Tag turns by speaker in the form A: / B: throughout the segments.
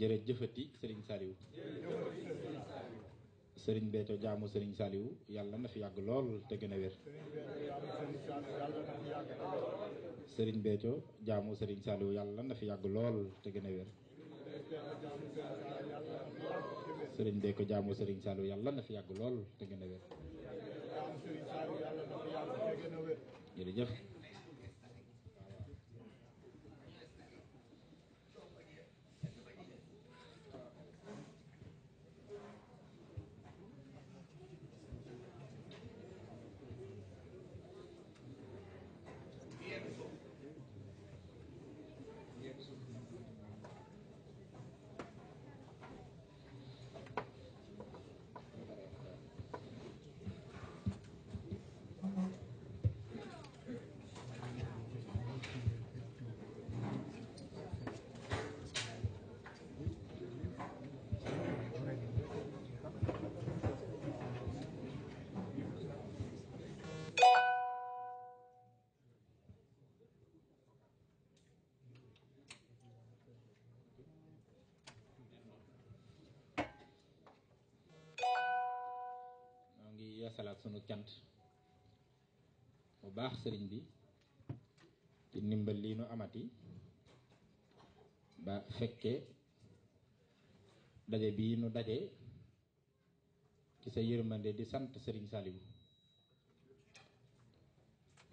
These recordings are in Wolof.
A: jërëjëfati Serigne Saliou. sëriñ Béthio jaamu Serigne Saliou yàlla na fi yàgg lool te gën a wér. Serigne Béthio jaamu Serigne Saliou yàlla na fi yàgg lool te gën a wér. Serigne Béthio jaamu Serigne Saliou yàlla fi yàgg lool te a wér. yeesalaat sunu cant bu baax sëriñ bi ci ndimbal lii nu amati ba fekke daje bii nu daje ci sa yërmande di sant sëriñ Saliou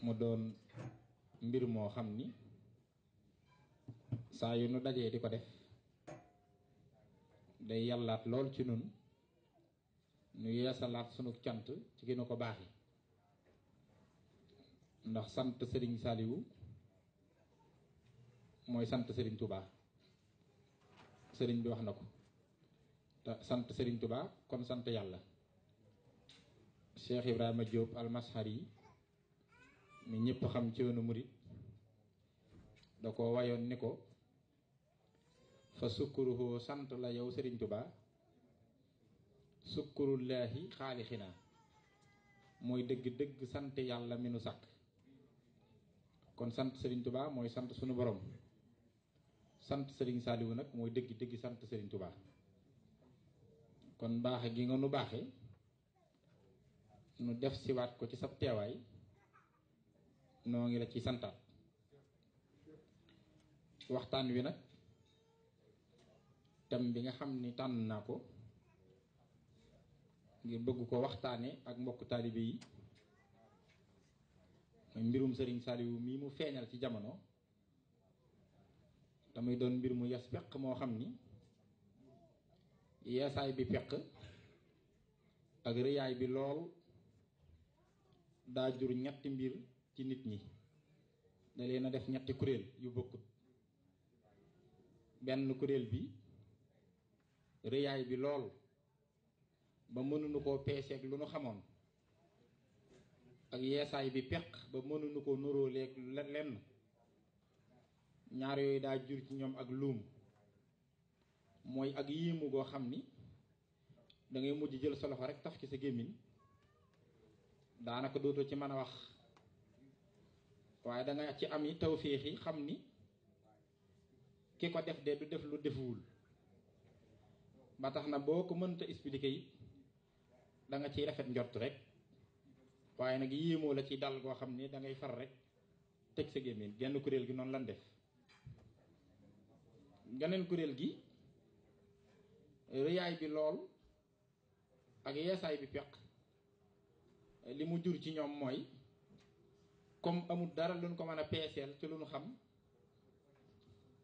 A: mu doon mbir moo xam ni saa yu nu dajee di ko def day yàllaat lool ci nun nu yeesalaat sunu cant ci ki nu ko baax yi ndax sant sëriñ Saliou mooy sant sëriñ Touba sëriñ bi wax na ko te sant sëriñ Touba comme sant yàlla Cheikh Ibrahima Diop almashar yi mi ñëpp xam ci wenu murit da ko wayoon ni ko fa sukkuruhu sant la yow sëriñ Touba sukkurullahi xaalixinaa mooy dëgg-dëgg sant yàlla mi nu sàkk kon sant sëriñ Touba mooy sant sunu boroom sant Serigne Saliou nag mooy dëgg-dëgg sant Serigne Touba kon baax gi nga nu baaxe nu def siwaat ko ci sab teewaay noo ngi la ci santaat waxtaan wi nag tam bi nga xam ni tànn naa ko ngir bëgg ko waxtaané ak mbokk talibé yi muy mbirum serigne Saliou mi mu feeñal ci jamono damay doon mbir mu yass peq mo xamni yassay bi peq ak riyaay bi lool da jur ñetti mbir ci nit ñi da leena def ñetti yu benn bi riyaay bi lool ba mënuñu koo ak lu nu xamoon ak yeesaay bi pek ba mënuñu ko nuróoleeg lenn ñaar yooyu daa jur ci ñoom ak luum mooy ak yéemu goo xam ni da ngay mujj jël sa loxo rek taf ci sa gémmiñ daanaka dootoo ci mën a wax waaye da nga ci am yi tawféex yi xam def de du def lu defuwul ba tax na boo expliquer da nga ciy rafet njort rek waaye nag yéemoo la ci dal goo xam ne dangay ngay far rek teg sa gémmiñ genn kuréel gi noonu lan def geneen kuréel gi rëyaay bi lool ak yeesaay bi peq li mu jur ci ñoom mooy comme amul dara luñ ko mën a peeseel ci lu ñu xam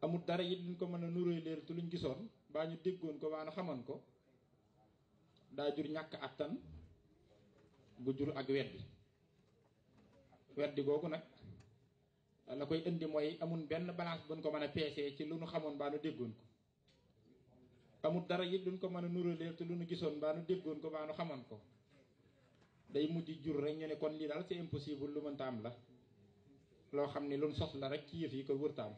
A: amut dara it luñ ko mën a nuróoy leer te luñ gisoon baa ñu déggoon ko baa ñu xamoon ko daa jur ñàkk àttan bu jur ak weddi weddi googu nag la koy indi mooy amul benn balance buñ ko mën a peesee ci lu nu xamoon mbaa nu déggoon ko amul dara yi luñ ko mën a nuraleel te lu nu gisoon mbaa nu déggoon ko mbaa nu xamoon ko day mujj jur rek ñu ne kon lii daal c'est impossible lu mënta am la loo xam ne luñ sos la rek ci yëf yi ko wërtaam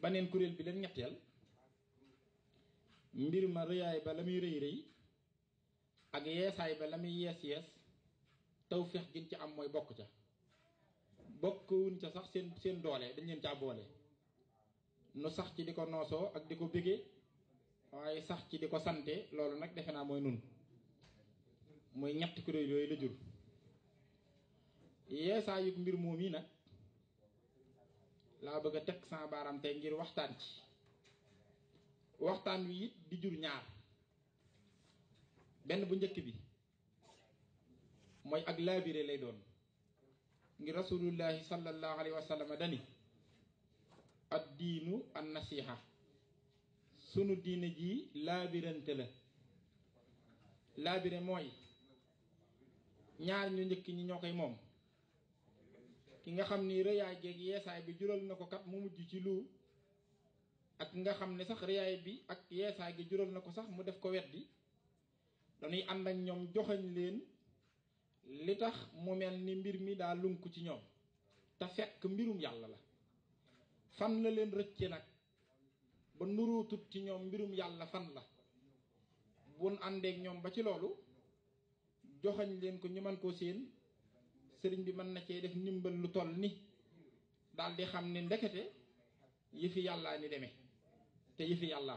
A: baneen kuréel bi leen ñetteel mbir ma rëyaay ba la muy rëy rëy ak yeesaay ba la muy yees yees tawféex gin ci am mooy bokk ca bokkuwuñ ca sax seen seen doole dañ leen caa boole nu sax ci di ko noosoo ak di ko bëggee waaye sax ci di ko sante loolu nag defe naa mooy nun mooy ñett kuréel yooyu la jur yeesaayug mbir moom yi nag laa bëgg a teg saa baaraam tey ngir waxtaan ci waxtaan wi it di jur ñaar benn bu njëkk bi mooy ak laabire lay doon ngir rasulullahi sallallahu alayhi wa sallam dani ad diinu sunu diine ji laabirante la laabire mooy ñaar ñu njëkk ñi ñoo koy moom ki nga xam ni rëyaay geeg yeesaay bi jural na ko kat mu mujj ci lu ak nga xamne sax riyaay bi ak yeesa gi jural nako sax mu def ko weddi dañuy and ak ñom joxagn leen li tax mu melni ni mbir mi da lunku ci ñom ta fekk mbirum yalla la fan la leen recce nak ba nuruutut ci ñom mbirum yalla fan la bun ak ñom ba ci lolu joxagn leen ko ñu man ko seen sëriñ bi man na ci def ndimbal lu toll ni dal di xamne ndekete yi fi ni demee te yëfi yàlla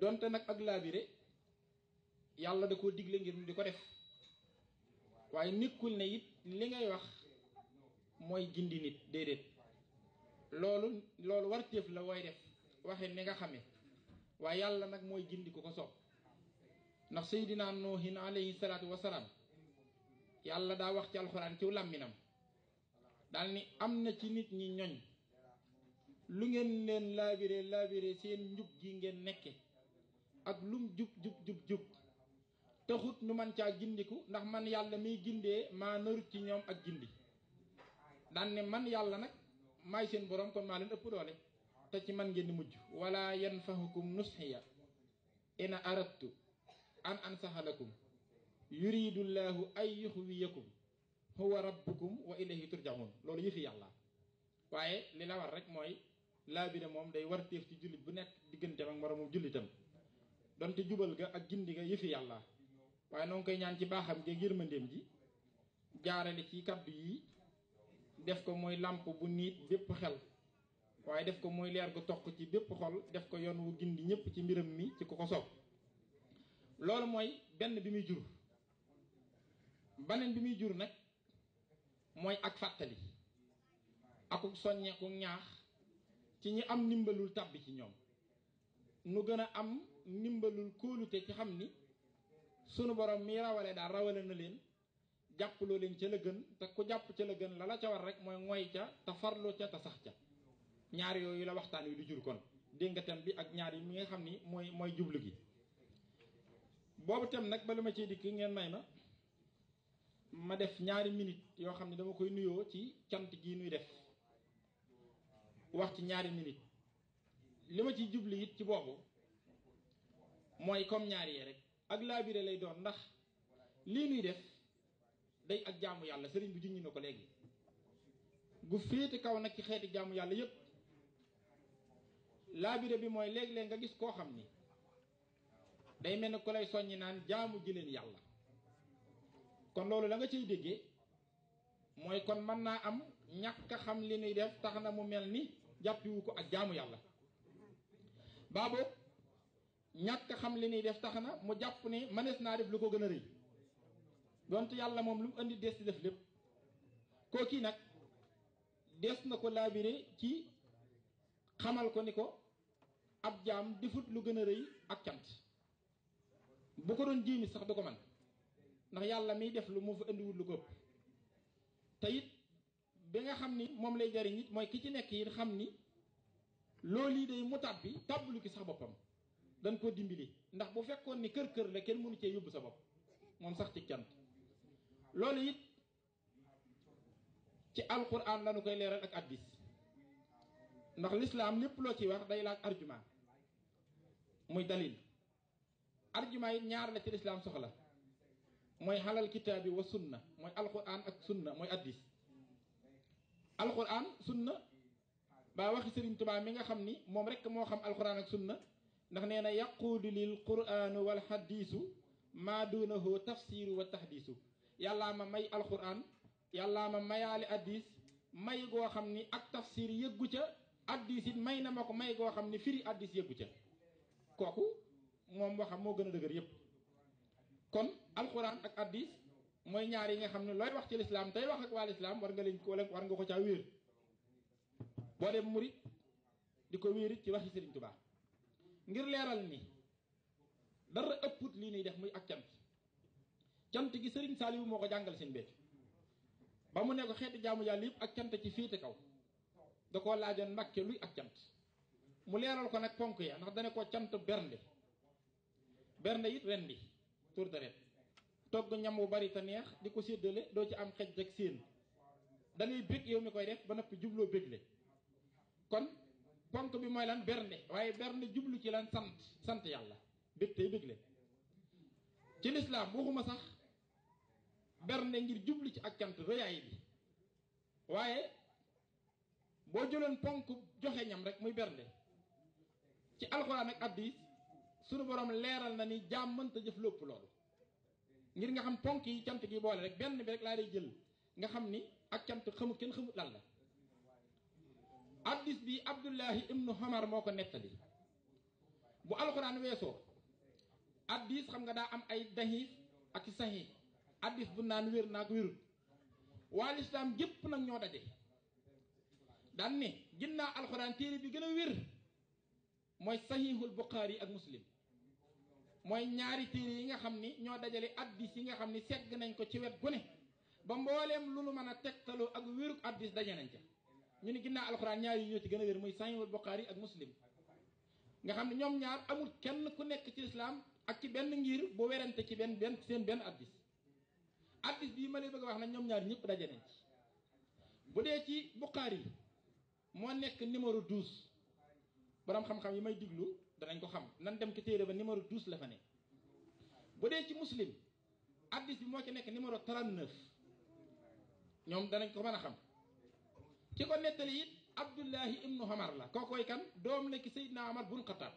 A: donte nag ak laabire yàlla da koo digle ngir di ko def waaye nekkul ne it li ngay wax mooy gindi nit déedéet loolu loolu warteef la wooy def waxe ni nga xame waaye yàlla nag mooy gindi ku ko soob ndax seydinaa noohin alayhi salaatu wasalaam yàlla daa wax ci alxuraan ciw làmminam daal ni am na ci nit ñi ñoñ lu ngeen leen laabire laabire seen njub gi ngeen nekke ak lum jub jub jub jub taxut nu man caa gindiku ndax man yàlla miy gindee maa narut ci ñoom ak gindi daan ne man yàlla nag maay seen borom kon maa leen ëpp doole te ci man ngeen di mujj wala yanfahukum nusxiya in aradtu an ansaxa lakum yuridu llahu ay yuxwiyakum huwa rabbukum wa ilayhi turjaun loolu yëfi yàlla waaye li la war rek mooy laabire moom day warteef ci jullit bu nekk digganteem ak moroomum jullitam donte jubal ga ak gindi ga yëfi yàlla waaye noo koy ñaan ci baaxam gi yërmandeem ji jaarale ci kaddu yi def ko mooy làmp bu niit bépp xel waaye def ko mooy leer gu toq ci bépp xol def ko yoon wu gindi ñëpp ci mbiram mi ci ku ko soog loolu mooy benn bi muy jur baneen bi muy jur nag mooy ak fàttali akuk soññeeku ñaax ci ñi am nimbalul tab ci ñoom nu gën a am nimbalul kóolute ci xam ni sunu borom mi rawale daal rawale na leen jàppaloo leen ca la gën te ku jàpp ca la gën la la ca war rek mooy ngoy ca te farlu ca te sax ca ñaar yooyu la waxtaan wi jur kon bi ak ñaar yi mi nga xam ni mooy mooy jublu gi boobu tam nag ma ciy ngeen may ma def ñaari minute yoo xam ne dama koy nuyoo ci cant gi nuy def wax ci ñaari minute li ma ci jubli it ci boobu mooy comme ñaari yee rek ak laabire lay doon ndax lii nuy def day ak jaamu yàlla sëriñ bi junj na ko léegi gu féete kaw nag ci xeeti jaamu yàlla yépp laabire bi mooy léeg leen nga gis koo xam ni day mel ni ku lay soññi naan jaamu ji leen yàlla kon loolu la nga déggee mooy kon mën naa am ñàkk a xam li nuy def tax na mu mel ni jappi wu ko ak jaamu yalla babu ñak xam li ni def taxna mu japp ni manes na def lu ko gëna a rëy donte yàlla moom lu mu indi des ci def lépp kookii nag des na ko labiré ci xamal ko niko ab jaam defut lu gëna a ak cant bu ko doon jimi sax du ko man ndax yalla mi def lu mu fa andi indiwul lu ko tayit bi nga xam ni moom lay jariñ it mooy ki ci nekk it xam ni loolu yi day mu tàbbi tàbbulu ki sax boppam dañ koo dimbali ndax bu fekkoon ni kër kër la kenn mënu cee yóbbu sa bopp moom sax ci cant loolu it ci alquran lañu koy leeral ak addis ndax lislaam lépp loo ci wax day laaj arjuma muy dalil arjuma yi ñaar la ci lislaam soxla mooy xalal kitaabi wa sunna mooy alquran ak sunna mooy addis alquran sunna baa waxi sëriñ tubaa mi nga xam ni moom rek moo xam alquran ak sunna ndax nee na yaquulu lil quranu wal xadiisu maa duunahu tafsiru wa tahdiisu yàllaa ma may alquran yàllaa ma mayaali addis may goo xam ni ak tafsir yëggu ca addis it may na ma ko may goo xam ni firi addis yëggu ca kooku moom waxam moo gën a dëgër yépp kon alquran ak addis mooy ñaar yi nga xam ne looy wax ci lislaam tey wax ak waa lislaam war nga leen ko war nga ko caa wéer boo dem murit di ko wéerit ci waxi Sëriñ Tuubaa ngir leeral ni dara ëpput lii nuy def muy ak cant cant gi Sëriñ Saaliwu moo ko jàngal seen bécc ba mu ne ko xeeti jaamu yàlla yëpp ak cant ci féete kaw da ko laajoon Mbàkke luy ak cant mu leeral ko nag ponk ya ndax dane ko cant bernde bernde it rendi tour tok ñam wu bari ta neex di sédélé do ci am xej ak siin da ngay yow mi koy def ba noppi jubloo bëgglé kon ponk bi moy lan bernde waaye bernde jublu ci lan sant sant yalla bëgg tay bëgglé ci lislaam waxuma sax bernde ngir jublu ci ak cant rëyaay bi waaye bo jëlon ponk joxé ñam rek muy bernde ci alcorane ak hadith suñu borom leeral na ni jaam jëf ngir nga xam ponk yi cant gi boole rek benn bi rek laa lay jël nga xam ni ak cant xamut kenn xamut lan la addis bi abdullahi ibnu Omar moo ko nettali bu alxuraan weesoo addis xam nga daa am ay daxiif ak saxiix addis bu naan wér naa ko wérut waa lislaam gépp nag ñoo daje daan ne ginnaaw alxuraan téere bi gën a wér mooy saxiixul buxaari ak muslim mooy ñaari tiir yi nga xam ni ñoo dajale addis yi nga xam ni segg nañ ko ci wet gu ne ba mbooleem lu lu mën a tegtaloo ak wérug addis daje nañ ca ñu ni ginnaaw alxuraan ñaar yi ñoo ci gën a wér muy Sahihul Bukhari ak Muslim nga xam ne ñoom ñaar amul kenn ku nekk ci islaam ak ci benn ngir bu werante ci benn benn seen benn addis addis bii ma lay bëgg wax nag ñoom ñaar ñëpp daje ci bu dee ci Bukhari moo nekk numéro 12 borom xam-xam yi may diglu danañ ko xam nan dem ci téré ba numéro 12 la fa né bu ci muslim hadith bi mo ci nek numéro 39 ñom danañ ko mëna xam ci ko netali it abdullahi Imnu hamar la koy kan dom la ki sayidna amar bun Qatar.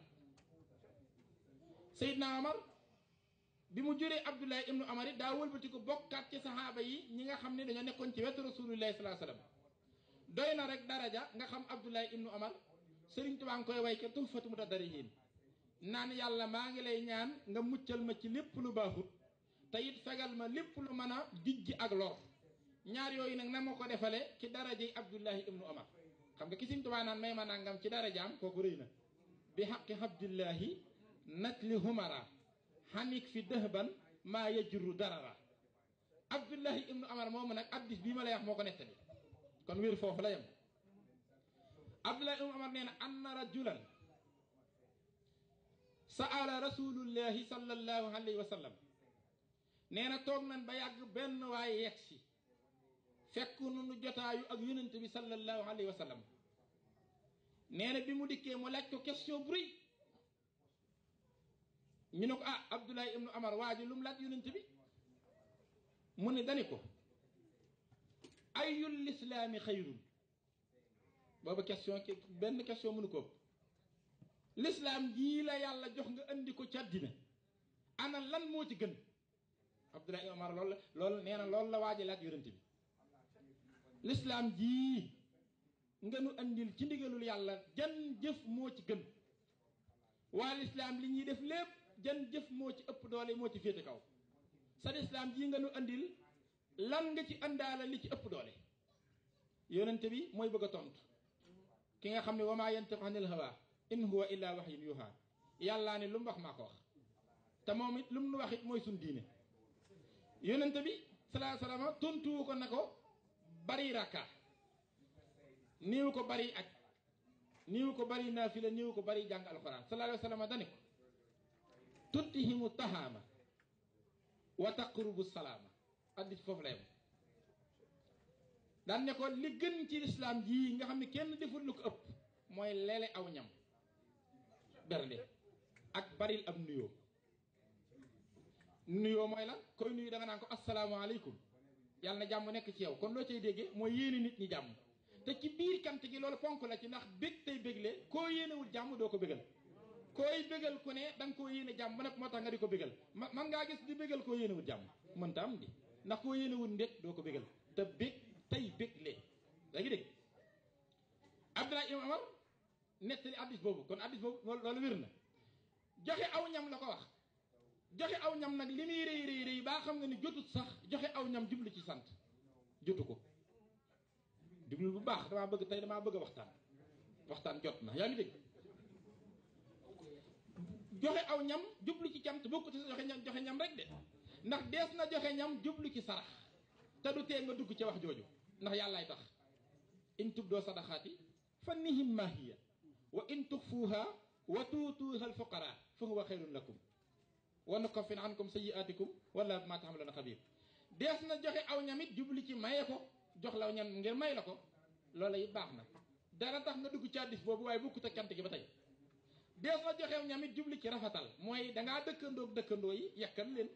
A: sayyidna amar bi mu abdullahi Imnu amar da daa wëlbati ko bokkaat ci sahaba yi ñi nga xam ne dañoo nekkoon ci wetu rasulullah sallallahu sallam wasallam doyna rek daraja nga xam abdullahi Imnu amar sëriñ Tuubaa ngi koy way ca tuhfatu mutadarihin naan yàlla maa ngi lay ñaan nga muccal ma ci lépp lu baaxut te it fegal ma lépp lu mën a dijj ak lor ñaar yooyu nag na ma ko defale ci darajey Abdullahi ibnu Omar xam nga ki sëriñ Tuubaa naan may ma nangam ci darajaam kooku rëy na bi xaqi Abdullahi natli humara xanik fi dëhban maa dara darara Abdullahi ibnu moo moomu nag addis bii ma lay wax moo ko nettali kon wér foofu la yem abdoulaye ibn omar nee na anna rajulan saala rasulullahi sallallahu alayhi wa sallam nee na toog nañ ba yàgg benn waay yegg si fekk nunu jotaayu ak yonent bi sallallahu alayhi wa sallam nee na bi mu dikkee mu laaj ko question bu rëy ñu ne ko ah abdoulaye ibnu omar waa ji lu mu laaj yonent bi mu ne dani ko ayul islaami xayrun booba question benn question mënu ko lislaam jii la yàlla jox nga andi ko ci àddina ana lan moo ci gën Abdoulaye Omar lool la loolu nee na loolu la waaje laaj yonent bi lislaam jii nga nu andil ci ndigalul yàlla jan jëf moo ci gën waa lislaam li ñuy def lépp jan jëf moo ci ëpp doole moo ci féete kaw sa lislaam jii nga nu andil lan nga ci àndaala li ci ëpp doole yonent bi mooy bëgg a tontu ki nga xam ne wa maa yantiqu anil hawa in huwa illa wahyun yuha yàllaa ne lu mu wax maa ko wax te moom it lu mu nu wax it mooy suñ diine yonent bi salaa salaama tontuwu ko na ko bari rakka niiw ko bari ak niiw ko bari naafila niiw ko bari jàng alxuraan salaa alayhi salaama dani ko tuttihimu tahaama wa taqrubu salaama addis foofu lay daan ne ko li gën ci lislaam ji nga xam ne kenn deful lu ko ëpp mooy lele aw ñam bernde ak baril ab nuyoo nuyoo mooy la koy nuyu da nga naan ko asalaamaaleykum yàlla na jàmm nekk ci yow kon loo cay déggee mooy yéene nit ñi jàmm te ci biir cant gi loolu ponk la ci ndax bég tey bégle koo yéenewul jàmm doo ko bégal koy bégal ku ne danga koo yéene jàmm ba nag moo tax nga di ko bégal ma man ngaa gis di bégal koo yéenewul jàmm mënta am di ndax koo yéenewul ndéet doo ko bégal tey bégle yaa ngi dégg Abdallah Ibn Omar nettali addis boobu kon addis boobu loolu wér na joxe aw ñam la ko wax joxe aw ñam nag li muy rëy rëy rëy baa xam nga ni jotut sax joxe aw ñam jublu ci sant jotu ko jublu bu baax damaa bëgg tey damaa bëgg waxtaan waxtaan jot na yaa ngi dégg joxe aw ñam jublu ci cant bokku ci joxe ñam joxe ñam rek de ndax dees na joxe ñam jublu ci sarax te du tee nga dugg ci wax jooju ndax yàllaay tax in tubdoo sadaxaati fa nihim ma hiya wa in tuxfuuha wa tuutuuha alfuqara fa huwa xayrun lakum wa nukaffir ankum sayyi'aatikum wala ma taxamaluuna xabir dees na joxe aw ñamit jubli ci maye ko jox la ñam ngir may la ko loolu yi baax na dara tax nga dugg ci boobu waaye bokkut ak cant gi ba tey dees na joxe aw ñamit jubli ci rafetal mooy dangaa dëkkandoog dëkkandoo yi yekkal leen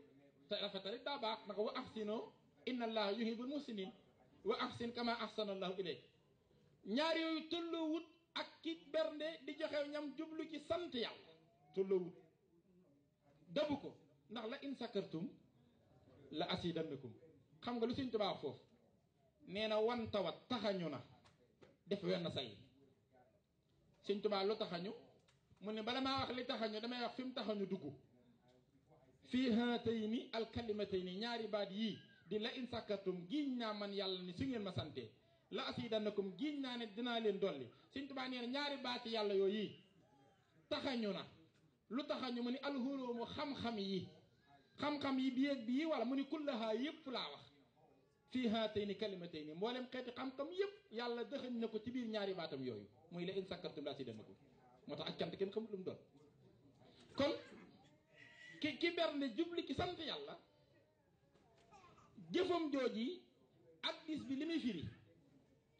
A: te rafetal it daa baax naka wa ahsinoo inna allaha yuhibbul wa ahsin kama ahsana allahu ilayk ñaar yooyu tolloowut ak ki bernde di joxe ñam jublu ci sant yàlla tolloowut dabu ko ndax la in sakartum la asidannakum xam nga lu suñ tubaab foofu nee na wantawa taxañu na def wenn say suñ tubaab lu taxañu mu ne bala maa wax li taxañu damay wax fi mu taxañu dugg fii haatayni alkalimatayni ñaari baat yii di la in sàkkartum giiñ naa man yàlla ni su ngeen ma sante la asidannakum giiñ naa ne dinaa leen dolli Sëñ Tuubaa nee ñaari baati yàlla yooyu taxañu na lu taxañu mu ni alxuloomu xam-xam yi xam-xam yi bi yéeg bii wala mu ni kullahaa yëpp laa wax fii haatayni kalimatayni mboolem xeeti xam-xam yëpp yàlla dëxañ na ko ci biir ñaari baatam yooyu muy la in sàkkartum la asidannakum moo tax ak cant kenn xamul lu doon kon ki ki bernde jubli ki sant yàlla jëfëm Joji, ak bis bi li muy firi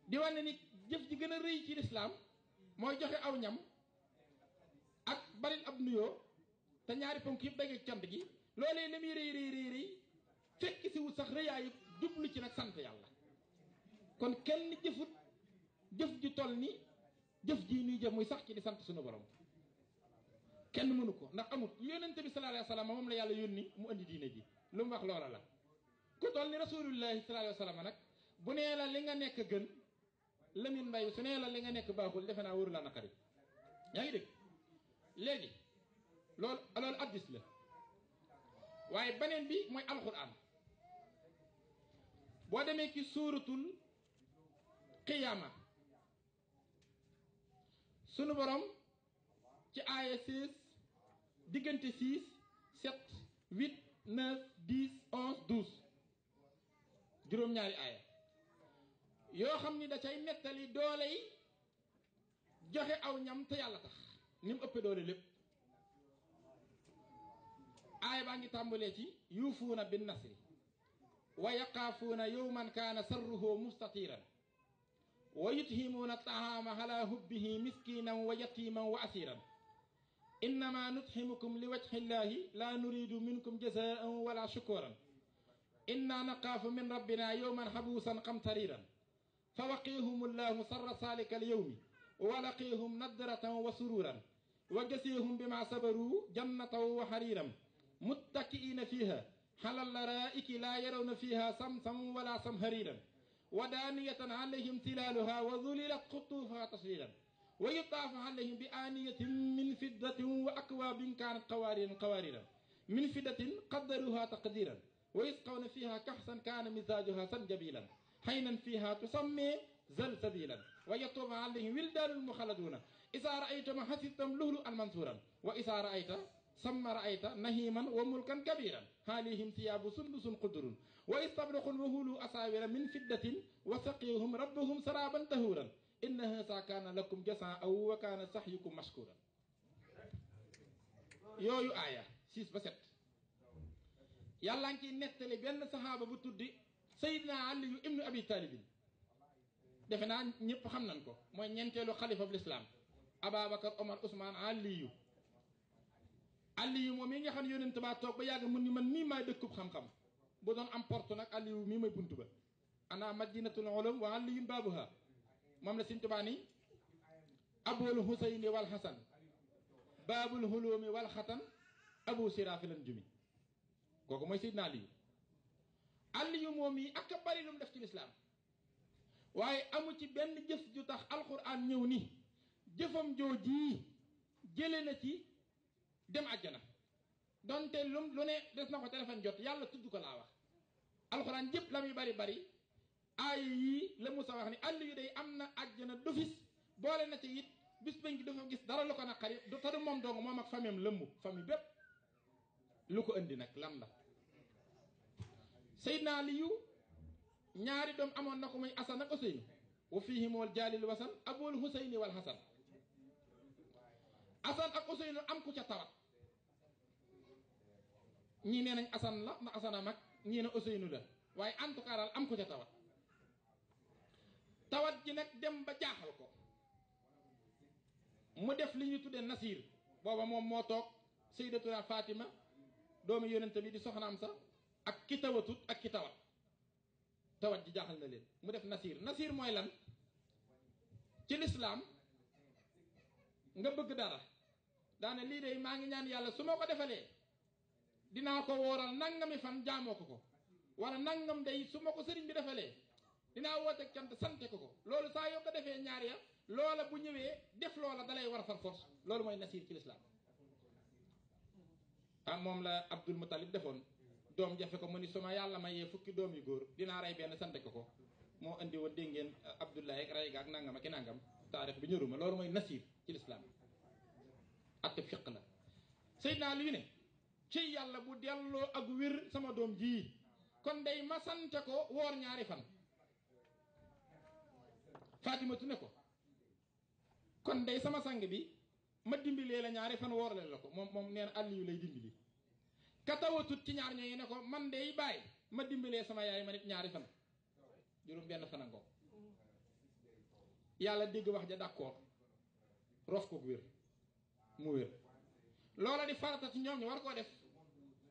A: di wane ni jëf ji gën a rëy ci lislaam mooy joxe aw ñam ak baril ab nuyoo te ñaari ponk yëpp daje cant gi loolee li muy rëy rëy rëy rëy fekk si wut sax rëyaayu jublu ci nag sant yàlla kon kenn jëfut jëf ji toll ni jëf ji nuy jëf muy sax ci di sant suñu borom kenn mënu ko ndax amut yonente sallallahu wa sallam moom la yàlla yónni mu andi diine ji lu mu wax loola la ku toll ni rasulullahi sallallahu alayhi nag bu nee la li nga nekk gën Lamine Mbaye su nee la li nga nekk baaxul defe naa wóoru la naqari yaa ngi dégg léegi loolu loolu addis la waaye beneen bi mooy alquran boo demee ki suuratul qiyaama sunu borom ci aaya 16 diggante 6 7 8 9 10 11 12 جروم ناري آية يو خم ني دا شاي نتالي دولي جوخي أو نيام تيالة تخ نيم أبي دولي لب آية بانجي تامبوليتي يوفونا بالنصر ويقافون يوما كان سره مستطيرا ويتهمون الطعام على حبه مسكينا ويتيما وأسيرا إنما نطعمكم لوجه الله لا نريد منكم جزاء ولا شكورا إنا نقاف من ربنا يوما حبوسا قمطريرا فوقيهم الله سر سالك اليوم ولقيهم ندرة وسرورا وجسيهم بما صبروا جنة وحريرا متكئين فيها حل الرائك لا يرون فيها سمسا ولا سمهريرا ودانية عليهم تلالها وذللت قطوفها تصليلا ويطاف عليهم بآنية من فضة وأكواب كانت قوارير قواريرا من فضة قدروها تقديرا ويسقون فيها كحسا كان مزاجها سنجبيلا حينا فيها تسمي زلزبيلا ويطوب عليهم ولدان المخلدون إذا رأيت ما حسيتم لولو منثورا وإذا رأيت ثم رأيت نهيما وملكا كبيرا هاليهم ثياب سندس قدر ويستبرق الوهول أساور من فدة وسقيهم ربهم سرابا تهورا إن هذا كان لكم جزاء وكان سحيكم مشكورا يو آية سيس بسيط yàllaa ngi ciy nettali benn saxaaba bu tuddi Seydina Aliyu ibnu Abi Taalibin defe naa ñëpp xam nañ ko mooy ñeenteelu xalifa bu lislaam Ababacar Omar Ousmane Aliyu Aliyu moom mi nga xam ne yonent ba toog ba yàgg mun ni man mii maay dëkkub xam-xam bu doon am porte nag Aliyu mii may buntu ba ana madinatul ulum wa Aliyun baabuha moom la Sëñ Tuubaa ni abul husayni wal hasan baabul hulumi wal xatan abu siraafi lan jumi kooku mooy Seydina Aliyu Aliyu moom yi ak a bari lu mu def ci lislaam waaye amu ci benn jëf ju tax alxuraan ñëw ni jëfam jooji jële na ci dem àjjana donte lu lu ne des na ko téléphone jot yàlla tudd ko laa wax alxuraan jëpp la muy bari bari aay yii la Musa wax ni Aliyu day am na àjjana dofis boole na ci it bis bañ gi dafa gis dara lu ko naqari te du moom dong moom ak famille am lëmb famille bépp lu ko indi nag lan la Seydina Aliyu ñaari doom amoon na ko muy Asan ak Useynu wa fihim jaalil wasan abul Huseyni wal Hasan Asan ak Useynu am ko ca tawat ñii nee nañ Asan la ndax Asan a mag ñii ne Useynu la waaye en am ko ca tawat tawat ji nag dem ba jaaxal ko mu def li ñu tuddee Nasir booba moom moo toog Seydatuna Fatima doomu yonent bi di soxnaam sa ak ki tawatut ak ki tawat tawat ji jaaxal na leen mu def nasiir nasiir mooy lan ci lislaam nga bëgg dara daane lii de maa ngi ñaan yàlla su ma ko defalee dinaa ko wooral nangami fan jaamoo ko ko wala nangam day su ma ko sëriñ bi defalee dinaa woote cant sante ko ko loolu saa yoo ko defee ñaar ya loola bu ñëwee def loola dalay war a far force loolu mooy nasiir ci lislaam ah mom la Abdul Mutalib defon dom jafé ko moni suma yalla maye fukki doom yu góor dinaa rey benn sante ko ko mo andi won dégg ngeen Abdoulaye ak ray gak nangam ak nangam tarikh bi ñuruma lolu moy nasib ci Islam, ak fiq la sayyidna Ali ne ci yalla bu delo ak wir sama dom Ji, kon day ma sante ko wor ñaari fan Fatimatu ne ko kon day sama sang bi ma dimbilee la ñaari fan woorale la ko mom moom nee na yu lay mandai ka tawatut ci ñaar ñoy ne ko man day bay ma dimbilee sama yaay ma nit ñaari fan jurum ben fan ngo yalla dégg wax ja d'accord rof ko wir mu wir lola di farata ci ñoom ñu war ko def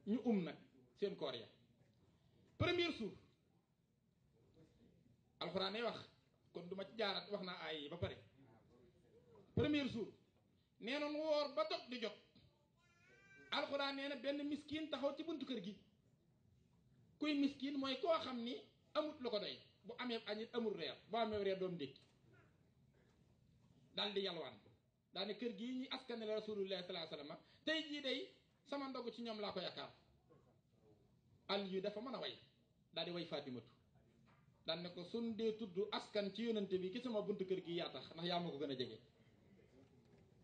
A: ñu um nak seen koor ya premier suuf alcorane wax kon duma ci jaarat wax ay ba pare premier suuf nee na nu woor ba tok di jot alquran nee ben miskin taxaw ci buntu kër gi kuy miskin moy ko xamni amut lu ko doy bu amé añit amul reer bu amé reer dom dik. dal di yalwaan daal ni kër gi ñuy askane la rasulullah alaihi wasallam tay ji day sama ndogu ci ñom la ko yakkar al yu dafa mëna way dal di way fatimatu daal ne ko sun dee askan ci yonante bi ki sama buntu kër gi ya tax ndax ya mako gëna jégué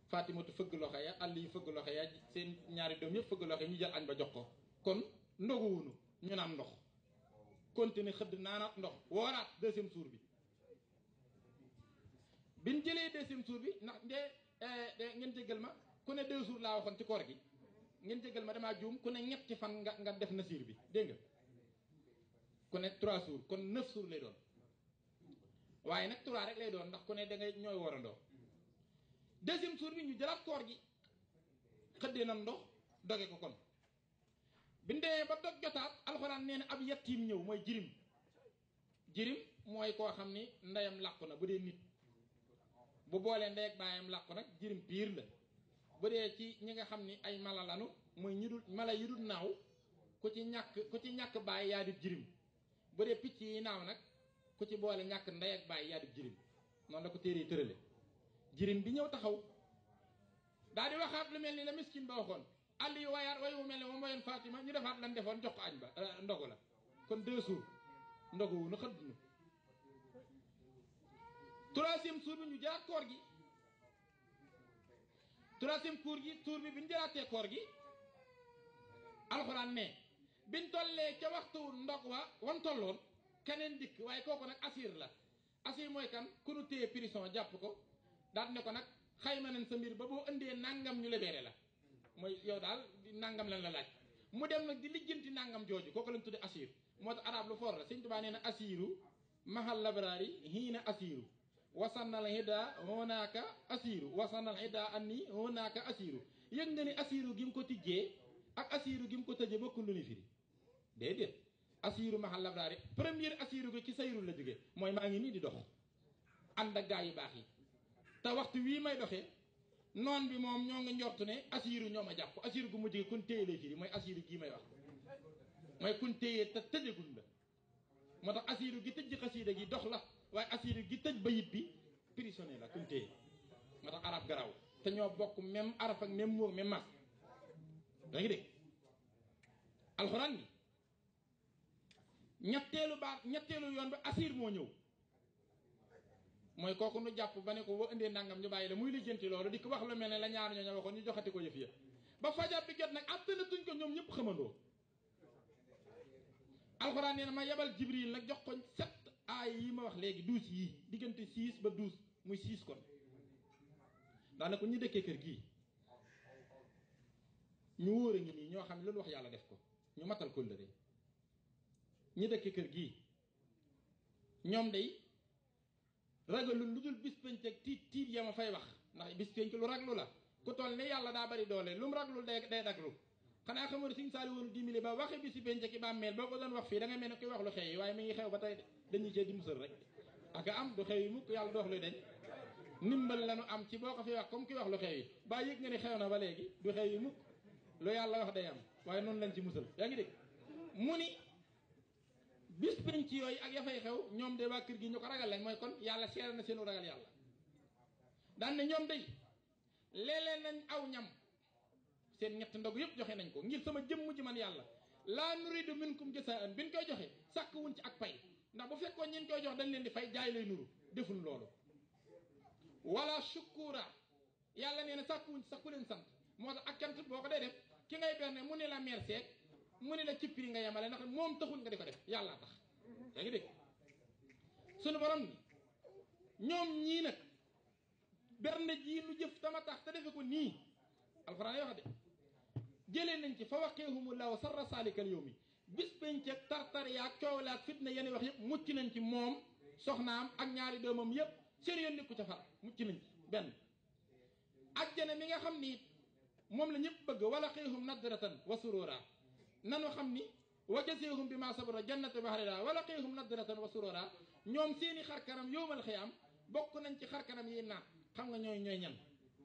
A: Fatimatu fëgg loxo ya àll yi fëgg loxo ya seen ñaari doom yëpp fëgg loxo ñu jël añ ba jox ko kon ndoguwunu ñu naan ndox continuer xëdd naanaat ndox wooraat deuxième jour bi bi biñ jëlee deuxième jour bi ndax eh, de ngeen jéggal ma ku ne deux jours laa waxoon ci koor gi ngeen jéggal ma damaa juum ku ne ñetti fan nga nga def nasiir bi dégg nga ku ne trois jours kon neuf jours lay doon waaye nag trois rek lay doon ndax ku ne da ngay ñooy warandoo deuxième tour bi ñu jëlaat koor gi xëddee na ndox doge ko kon biñ demee ba dog jotaat alxuraan nee na ab yettiim ñëw mooy jirim jirim mooy koo xam ni ndeyam làqu na bu dee nit bu boolee ndey ak baayam làqu nag jirim piir la bu dee ci ñi nga xam ni ay mala lanu mooy ñu dul mala yi dul naaw ku ci ñàkk ku ci ñàkk bàyyi yaa di jirim bu dee picc yi naaw nag ku ci boole ñàkk ndeyak ak bàyyi yaa di jirim noonu la ko téere tërale jirim bi ñëw taxaw daal di waxaat lu mel ni la miskin ba waxoon àll yu waayaat wayu mel ni moom mayoon Fatima ñu defaat lan defoon jox añ ba euh, ndogu la kon deux jours ndogu wu nu xëdd ñu troisième jour bi ñu jëlaat koor gi troisième cour gi tour bi bi ñu jëlaatee koor gi alxuraan ne biñ tollee ca waxtu ndog wa wan tolloon keneen dikk waaye kooku nag asir la asir mooy kan ku téye prison jàpp ko daal ne ko nag xayma nañ sa mbir ba boo indee nangam ñu libéré la mooy yow daal nangam lan la laaj mu dem nag di lijjanti nangam jooju kooku lañ tuddee assir moo tax arab lu for la sëñ Tuubaa nee na assiru mahal labrari hiina assiru wasannal hida honaaka assiru yëg nga ni assiru gi mu ko tijjee ak assiru gi mu ko tëjee bokkul lu ni firi déedéet assiru mahal labrari première assiru gi ci sayru la jógee mooy maa ngi nii di dox ànd ak gaa yu baax yi ta waxtu wi may doxé Non bi mom ñoo nga ñortu né asiru ñoma japp jàpp gu mujj gi kun téye lay firi mooy asiiru gii may wax moy kun téye te tëjaguñ la moo tax gi tejj xasida gi dox la way asiru gi tejj bayit bi prisonnier la kun téyé motax arab garaw te ñoo bokk même araf ak même mot même masque da ngi dégg alcorane ñettelu ba ñettelu yoon bi asir mo ñew mooy kooku nu jàpp ba ne ko boo indee nangam ñu bàyyi la muy lijjanti loolu di ko wax lu mel ne la ñaar ñoo ña waxoon ñu joxati ko yëf ya ba fajar bi jot nag attanatuñ ko ñoom ñëpp xamandoo alxuraan nee na ma yebal jibril nag jox ko sept aay yi ma wax léegi douze yi diggante six ba douze muy six kon ko ñu dëkkee kër gi ñu wóor a ngi nii ñoo xam ne lu wax yàlla def ko ñu matal kóllëre ñu dëkkee kër gi ñoom day ragalul lu dul bis penc ak tiit tiit ya fay wax ndax bis penc lu raglu la ku toll ne yàlla daa bari doole lu mu raglul day day daglu xanaa xamoon suñ woonu dimbali ba waxe bisi penc ki bàmmeel boo ko doon wax fii da mel ne koy wax lu xew yi waaye mi ngi xew ba tey dañuy cee dimsal rek aka am du xew yi mukk yàlla doox luy dañ ndimbal lañu am ci boo ko fi wax comme ki wax lu xew yi ba yëg nga ne xew na ba léegi du xew yi mukk lu wax day am waaye noonu lañ ci musal yaa ngi dégg bis penc yooyu ak ya fay xew ñoom de waa kër gi ñu ko ragal lañ mooy kon yàlla seere na seenu ragal yàlla daan na ñoom de léeg-léeg aw ñam seen ñetti ndog yëpp joxe nañ ko ngir sama jëmm ji man yàlla laa nuridu minkum jasaan biñ koy joxe sàkk wuñ ci ak pay ndax bu fekkoon ñeen koy jox dañ leen di fay jaay lay nuru deful loolu wala shukura yàlla nee na sàkk wuñ sax ku leen sant moo tax ak cant boo ko dee def ki ngay berne mu ne la merci mu ne na ci prix nga yemale ndax moom taxul nga di ko def yàlla tax yaa ngi dégg sunu borom ni ñoom ñii nag bernde jii nu jëf tama tax te defe ko nii alxuraan yoo de jëlee nañ ci fa waqeehumu law sarra saalikal yawmi bis penceeg tartar yaag coow laag fitna yeni wax yëpp mucc nañ ci moom soxnaam ak ñaari doomam yëpp seen yoon nekku ca far mucc nañ ci benn ajjana mi nga xam ni moom la ñëpp bëgg wala xeehum nadratan wa surura nanu xam ni wa jaseehum bi maa sabara jannata baharira wa laqeehum nadratan wa surora ñoom seeni xarkanam yowmal xiyaam bokk nañ ci xarkanam yi naat xam nga ñooy ñooy ñan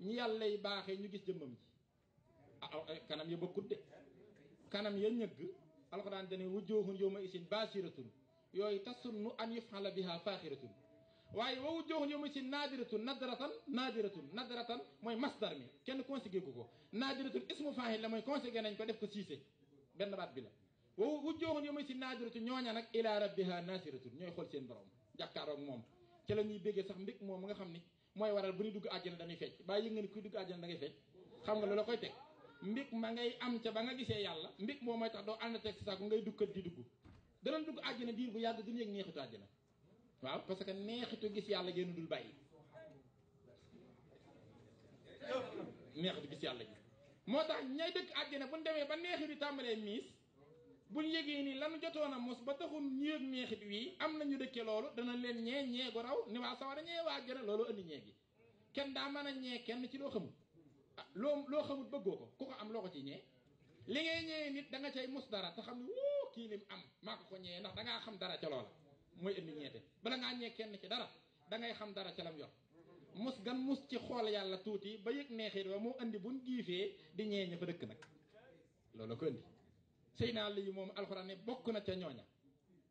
A: ñi yàlla yi baaxee ñu gis jëmmam ji kanam ya bokkut de kanam ya ñëgg alxuraan dane wujjoohun yowma isin baasiratun yooyu tasunnu an yufala biha faaxiratun waaye wa wujjoohun yowma isin naadiratun nadratan naadiratun nadratan mooy masdar mi kenn consigé ko ko naadiratun ismu faahil la mooy consigé nañ ko def ko siise ben rab bi la wa wujjooxoon yow may si naadiratu ñoña nak ila rabbiha nasiratu ñoy xol seen borom jàkkaaroog moom ca la ñuy béggee sax mbik mom nga xamni moy waral bu ñu dugg aljana dañuy fecc ba yi nga ni kuy dugg aljana da ngay fecc xam nga la koy tek mbik ma ngay am ca ba nga gisee yalla mbik moom mooy tax do and tek sax saako ngay dugkat di dugg danañ dugg aljana bir bu yàgg duñu yëg neexitu aljana waaw parce que neexitu gis yalla génn dul bayyi neexitu gis yalla gi moo tax ñay dëkk na bu ñu demee ba neexit yu tàmbalee miis bu ñu yëgee nii lanu jotoon a mos ba taxul ñu yëg neexit wii am na ñu dëkkee loolu dana leen ñee ñee gu raw ni waa sawara ñee waa àjjana loolu indi ñee kenn daa mën a ñee kenn ci loo xamul ah, loo loo xamul bëggoo ko ku ko am loo ko ci ñee li ngay ñee nit danga nga cay mos dara te xam ne wuu kii lim am maa ko ko ñee ndax dangaa xam dara ca loola mooy indi ñeete bala ngaa ñee kenn ci dara da ngay xam dara ca lam yor mus gan mus ci xool yàlla tuuti ba yëg neexit ba moo andi buñ giifee di ñee ña fa dëkk nag loolu ko indi sëy naa lii moom alxuraan ne bokk na ca ñooña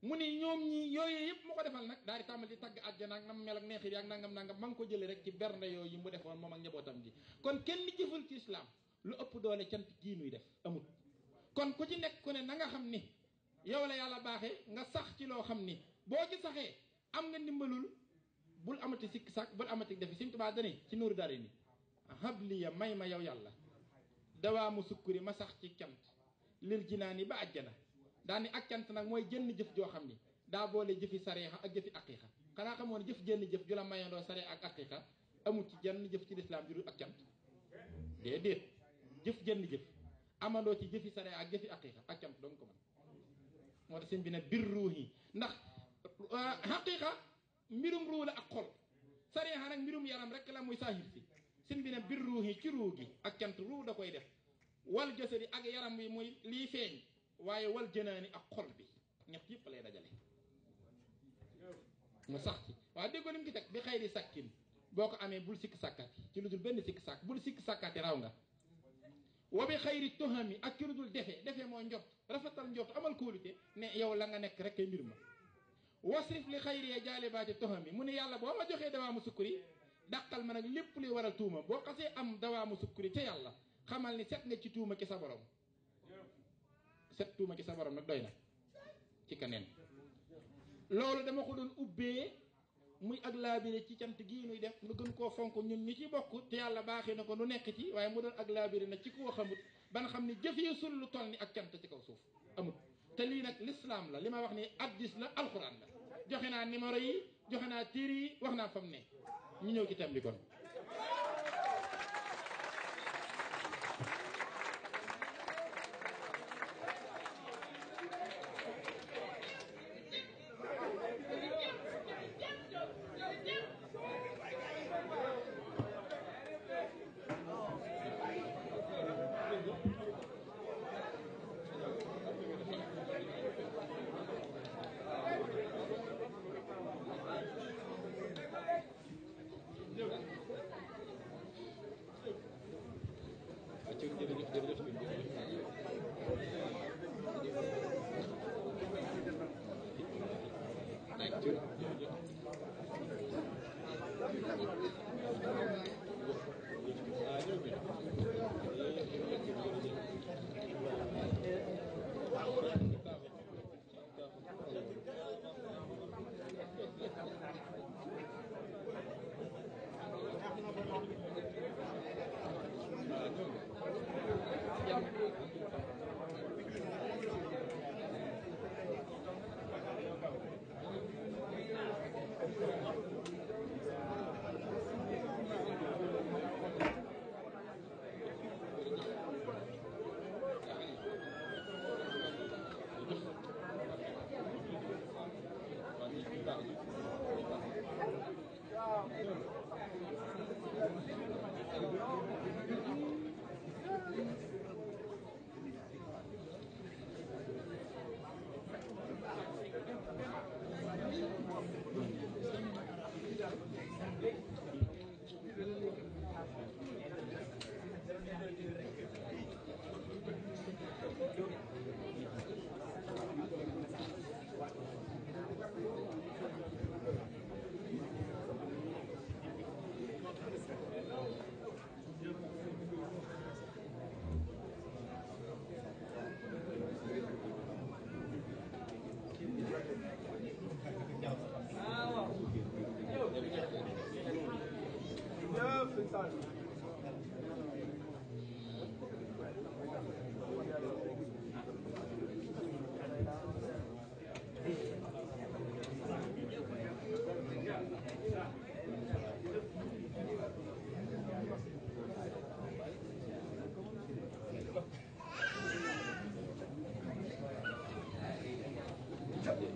A: mu ne ñoom ñi yooyu yëpp mu ko defal nag daal di tàmbali tàgg àjjana ak nam mel ak neexit ak nangam nangam ma ngi ko jëlee rek ci bernde yooyu mu defoon moom ak njabootam ji kon kenn jëful ci islam lu ëpp doole cant gii nuy def amut kon ku ci nekk ku ne na xam ni yow la yàlla baaxee nga sax ci loo xam ni boo ci am nga ndimbalul bul amati sikk sàkk bul amati defi Sëriñ Tuubaa dani ci nuuru dari ni habliya may ma yow yàlla dawaamu sukkuri ma sax ci cant lil jinaan yi ba àjjana daani ak cant nag mooy jënn jëf joo xam ni daa boole jëfi sareexa ak jëfi aqiiqa xanaa xamoon jëf jënn jëf ju la mayandoo saree ak aqiiqa amul ci jenn jëf ci lislaam ju dul ak cant déedéet jëf jënn jëf amandoo ci jëfi saree ak jëfi aqiiqa ak cant dong ko mën moo tax sëñ bi bir ruuhi ndax ah, aqiiqa mbirum ruu la ak xol sariha nag mbirum yaram rek la muy saahir si sin bi ne bir ruuxi ci ruu gi ak cant ruu da koy def wal jasadi ak yaram wi muy lii feeñ waaye wal jënaani ak xol bi ñett yëpp lay dajale mu sax ci waaw déggoo lim ci bi xëy di sakkin boo ko amee bul sikk sàkkati ci lu dul benn sikk sàkk bul sikk sàkkati raw nga wa bi xayri tuhami ak ci lu dul defee defee moo njot rafetal njot amal kóolute ne yow la nga nekk rek kay mbir ma واصرف لخير يا جالبات التهمي من يالله بوما جوخي دوا مسكري دقل منك لب لي ورا التومة بوقسي أم دوا مسكري تي يالله خمال ني ست نجي تومة كي سابرم ست تومة كي سابرم نك دوينة كي كنين لول دم خدون أبي مي أغلا بيري تي كانت جي نوي دف نغن كو فنكو نين نيكي بوكو تي يالله باخي نكو نو نكتي واي مودل أغلا بيري نكي كو خمد بان خمني جفي سلو تولني أكتن تي كو سوف أمد تلي نك الإسلام لا لما وحني أدس لا القرآن لا joxe naa numéro yi joxe naa téere yi wax naa fam ne ñu ñëw ci thème kon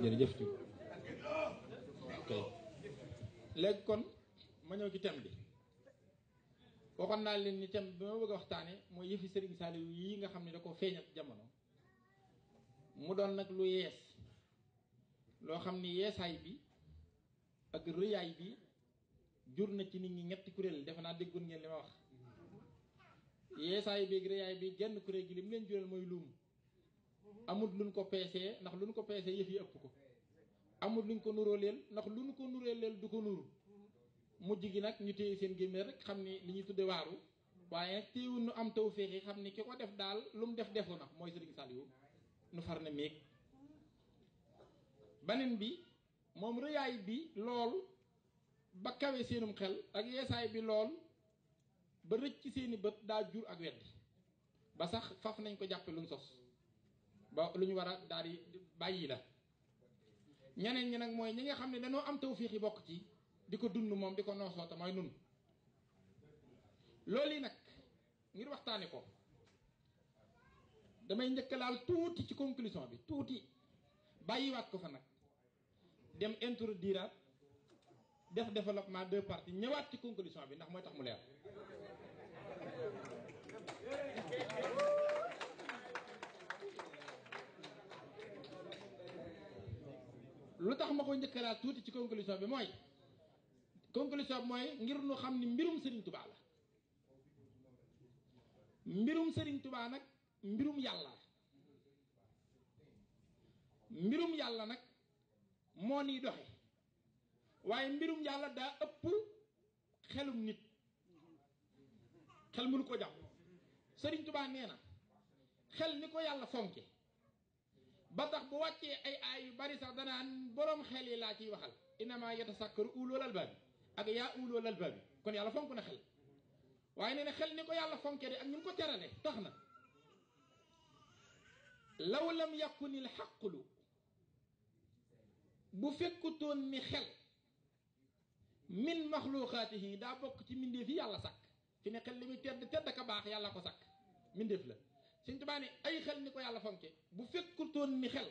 A: jërëjëf ci kay léegi kon ma ñëw ci thème bi waxoon naa leen ni thème bi ma bëgg waxtaane mooy yëfi Serigne Saliou yi nga xam ne da ko feeñat jamono mu doon nag lu yees loo xam ni yeesaay bi ak rëyaay bi jur na ci nit ñi ñetti kuréel defe naa déggoon ngeen li ma wax yeesaay bi ak rëyaay bi genn kuréel gi li mu leen jural mooy luum amul luñ ko peesee ndax luñ ko peesee yëf yi ëpp ko amul luñ ko nuroo leel ndax luñ ko nuree leel du ko nuru mujj gi nag ñu téye seen gémmé rek xam ni li ñuy tudde waaru waaye teewu nu am taw féexi xam ni ki ko def daal lu mu def defu na mooy Serigne Saliou nu far na méeg beneen bi moom rëyaay bi lool ba kawe seenum xel ak yeesaay bi lool ba rëcc seeni bët daa jur ak weddi ba sax faf nañ ko jàppe lu mu sos ba luñu wara daali bayyi la ñeneen ñi nak moy ñi nga xamne dañu am tawfiq yi bok ci diko dund mom diko ko ta moy nun loli nak ngir waxtane ko damay ñëk laal tuuti ci conclusion bi tuuti wat ko fa nak dem introduire def développement deux parties ñëwaat ci conclusion bi ndax moy tax mu leer lu tax ma ko njëkkalaat tuuti ci conclusion bi mooy conclusion bi mooy ngir nu xam ni mbirum Serigne Touba la mbirum Serigne Touba nag mbirum yàlla mbirum yàlla nag moo nii doxe waaye mbirum yàlla daa ëpp xelum nit xel mënu ko jàpp Serigne Touba nee na xel ni ko yàlla fonke ba tax bu wàccee ay aay yu bari sax danaan borom xel yi laa ciy waxal innama yatasakkaru ulul albaabi ak yaa ulul albaabi kon yàlla fonk na xel waaye nee na xel ni ko yàlla fonke de ak ñu ko terale tax na law lam yakunil xaqlu bu fekkutoon ni xel min maxluqaatihi daa bokk ci mbindeef yi yàlla sàkk fi ne xel li muy tedd tedd ka baax yàlla ko sàkk mbindeef la suñ tubaa ne ay xel ni ko yàlla fonke bu fekkutoon ni xel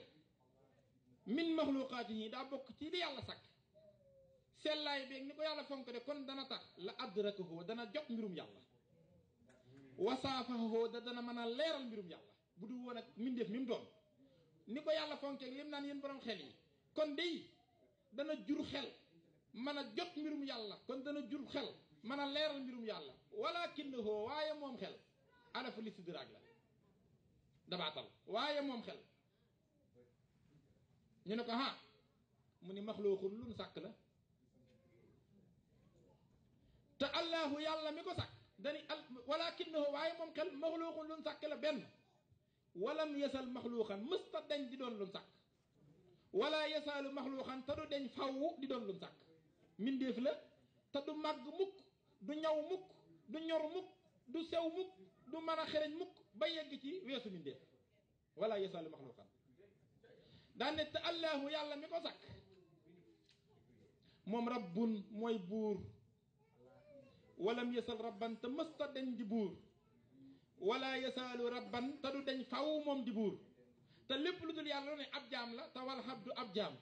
A: min maxluqaati yi daa bokk ci li yàlla sàkk sellaay beeg ni ko yàlla fonk de kon dana tax la adrakahoo dana jot mbirum yàlla wasaafahoo dana mën a leeral mbirum yàlla bu du woon ak mbindeef mi mu doon ni ko yàlla fonkeeg lim naan yéen borom xel yi kon day dana jur xel mën a jot mbirum yàlla kon dana jur xel mën a leeral mbirum yàlla walakin hoo waaye moom xel ala fa listidraag la dabaatal waaye moom xel ñu ne ko ah mu ni maxluuqun lun sàkk la te allahu yàlla mi ko sàkk dani al walakinahu waaye moom xel maxluuqun lun sàkk la benn walam yasal maxluuqan mësta dañ di doon lu lun sàkk wala yasaalu maxluuqan te du dañ faw di doon lun sàkk mbindéef la te du màgg mukk du ñaw mukk du ñor mukk du sew mukk du mën a xereñ mukk ba yegg ci weesu mbindéef wala yesalu maxluqan daan ne te allahu yàlla mi ko sàkk moom rabbun mooy buur walam yesal rabban te mësta dañ di buur wala yesaalu rabban te du dañ faw moom di buur te lépp lu dul yàlla ne ab jaam la te wal habdu ab jaam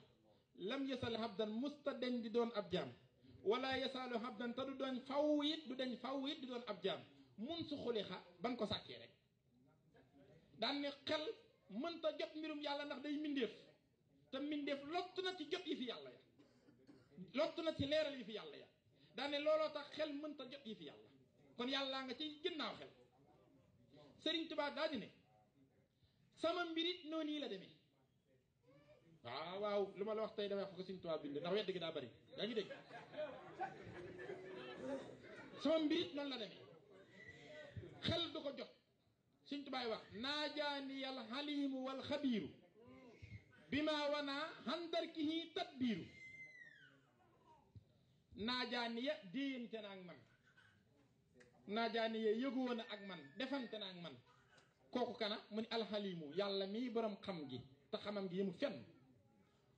A: lam yesal habdan mësta deñ di doon ab jaam wala yesaalu habdan te du doon faw it du dañ faw it di doon ab jaam mun su xulixa ban ko sàkkee rek daan ne xel mënta jot mbirum yàlla ndax day mbindeef te mbindeef lott na ci jot yi fi yàlla ya lott na ci leeral yi fi yàlla ya daan ne looloo tax xel mënta jot yi fi yàlla kon yàllaa nga ci ginnaaw naa Sëriñ Tuubaa daa di sama mbirit noonu yi la demee waaw waaw lu ma la wax tey damay wax ko Sëriñ Tuubaa bind ndax wedd gi daa bari yaa ngi dégg sama mbirit noonu la demee xel du ko jot suñ tubaay wax najani al halim wal khabir bima wana handarkihi tadbiiru naajaaniya diin tan ak man yegu ya wona ak man defan tan ak man koku kana mu al halim yalla mi borom xam gi ta xamam gi fenn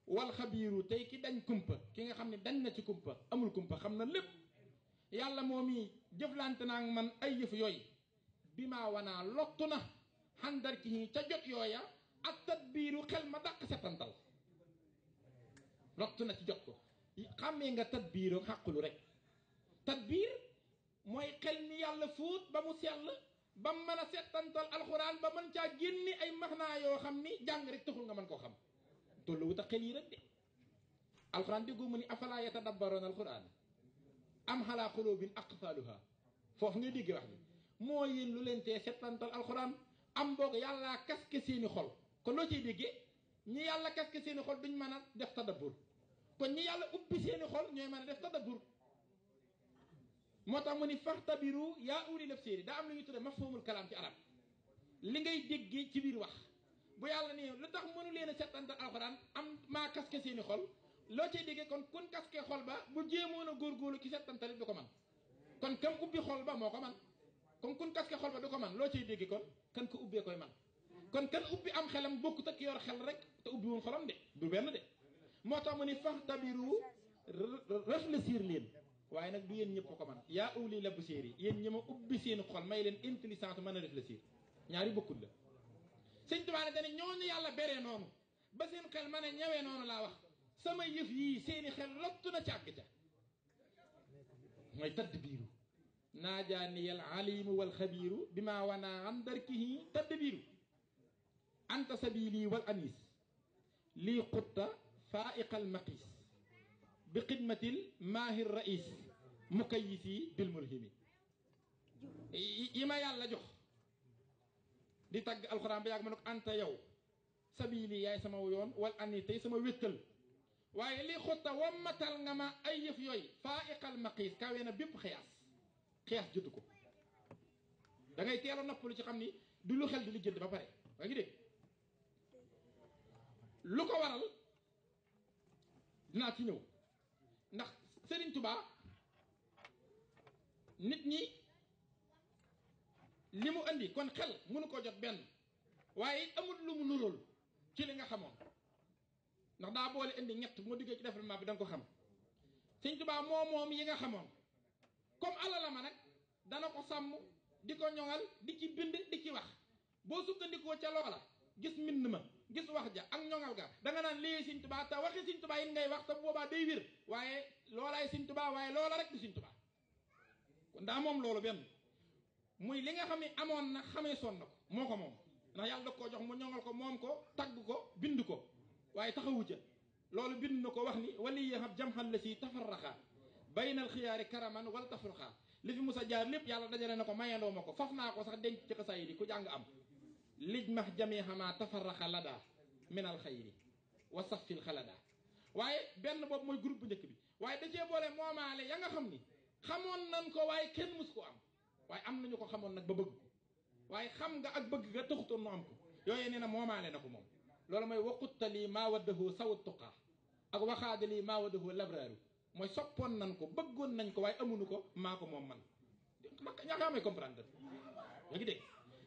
A: wal khabir tay ki dañ kumpa ki nga xamni na ci kumpa amul kumpa xamna lip yalla momi tenangman ak man ay yoy bima wana lottu na handar ki ni ca jot yoya ak tadbiru xel ma dak setantal lottu na ci jot ko xamé nga tadbiiru xàqulu rek tadbir moy xel ni yalla fut ba mu sel ba mën setantal alquran ba man ca genni ay makhna yo xamni ni rek taxul nga man ko xam tolu wuta a yi rek de alxuraan déggoo mu ni am hala qulubin aqfaaluha fof nga wax ni moy yéen lu len Al settantal alquran am yalla kess ke seeni xol kon ci degge ni yalla kess kaske seeni xol duñ mana def tadabbur kon ni yalla ubbi seeni xol ñoy mana def tadabbur motam ni fahtabiru ya uli nafsiri da am lu ñu tudde mafhumul kalam ci arab li ngay degge ci bir wax bu yalla ne lu tax mënu leena alquran am kess ke seeni xol lo ci degge kon kun ke xol ba bu jéemoon a góorgóorlu ki settantalit du ko man kon kam ubbi xol ba moko man kon kun tas ko xol ba du ko man loo ciy dégg kon kan ko ubbee koy man kon kan ubbi am xelam bokkut ak yor xel rek te ubbi woon xolam de du benn de moo tax mu ni fax tabiru réfléchir leen waaye nag du yéen ñëpp ko man yaa awli la bu séer yi yéen ñi ma ubbi seen xol may leen intelligence mën a réfléchir ñaari bokkul la sëñ Tuubaa ne dana ñooñu yàlla beree noonu ba seen xel ma a ñawee noonu laa wax sama yëf yii seeni xel lottu na càgg ca mooy tadd bii ناجاني العليم والخبير بما وانا عندركه تدبير أنت سبيلي والأنيس لي قط فائق المقيس بقدمة الماهر الرئيس مكيسي بالملهم إما يالا جوخ دي تاج القرآن بياك منك أنت يو سبيلي يا سما ويون والأني تي سما ويتل واي لي خطه wammatal nga ma ay yëf yooyu faa iqal maqiis xeex jotu ko dangay ngay teel a noppalu ci xam ni du lu xel di lijjanti ba pare waa ngi dégg lu ko waral dinaa ci ñëw ndax Serigne Touba nit ñi li mu andi kon xel mënu ko jot benn waaye amul lu mu nuróol ci li nga xamoon ndax daa boole indi ñett moo duggee ci développement bi danga ko xam Serigne Touba moo moom yi nga xamoon comme alalama nak dana ko sam di ñongal di ci bind di ci wax bo sukkandiko ca lola gis mbind ma gis wax ja ak ñongal ga da nga nan lii seigne touba ta waxe seigne touba yi ngay wax ta boba day wér waaye loolaay seigne touba waye lola rek du sëñ kon da mom lolu ben muy li nga xamni ne na xamee son nako moko mom ko yalla da ko jox mu ñongal ko mom ko tag ko bind ko waye taxawu ja lolu bind nako wax ni jamhal la bayna al xiyaari karaman wala tafruxa li fi musa jaar lépp yàlla dajale na ko mayandoo ma ko faf naa ko sax denc ci xasaayid yi ku jàng am lij max jamihama tafaraxa lada min al xayri wa saffil xalada waaye benn boobu mooy groupe bu njëkk bi waaye da cee boole moomaale ya nga xam ni xamoon nan ko waaye kenn mus ko am waaye am nañu ko xamoon nag ba bëgg ko waaye xam nga ak bëgg nga taxutoon nu am ko yooyu nee na moomaale na ko moom loolu mooy waqutta lii maa waddahu sawat tuqaa ak waxaada lii maa waddahu labraaru moy sopon nan ko beggon nan ko way amunu ko mako mom moom man ñaka may comprendre ngi deg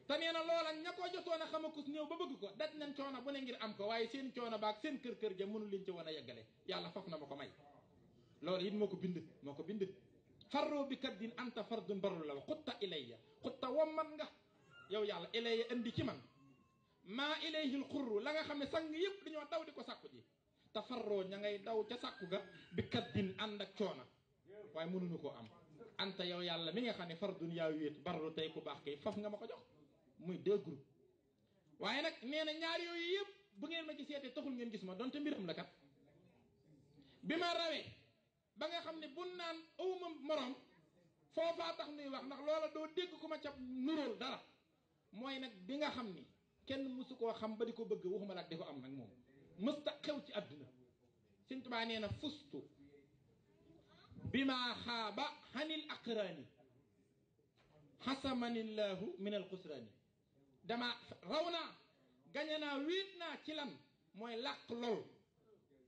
A: te nee na loola ña ko jotoon a baksin ba bëgg ko dat nañ coono bu ne ngir am ko waaye seen coono baak seen kër kër ja mënu liñ ci wona yeggale yàlla na ma may loolu yit moko bind moko bind farru bi kaddin anta fardun barru la xutta ilayya xutta womman nga yow yalla ilayya indi ci man ma ilayhi al xurru la nga xamne sang dañu daw di ko ji tafarro ña ngay daw ca sàkku ga bi kaddin ànd ak coona munu mënuñu am anta yow yalla mi nga xam fardun yaa wéet baradu tey ku bax kay faf nga mako jox muy deux groupe waye nak neena ñaar yoy yeb bu ngeen ma sété taxul ngeen gis ma donte mbiram la kat bima rawé ba nga xam bu naan awma morom fofa tax ni wax ndax lola do dégg kuma ca nurul dara moy nak bi nga xamni kenn musuko xam ba diko bëgg waxuma la ak am nak mom mësta xew ci àdduna sëñ tubaa nee na fustu bi maa xaaba xanil aqraani xasamanillahu min al xusraani dama raw naa gañe ci lan mooy làq lool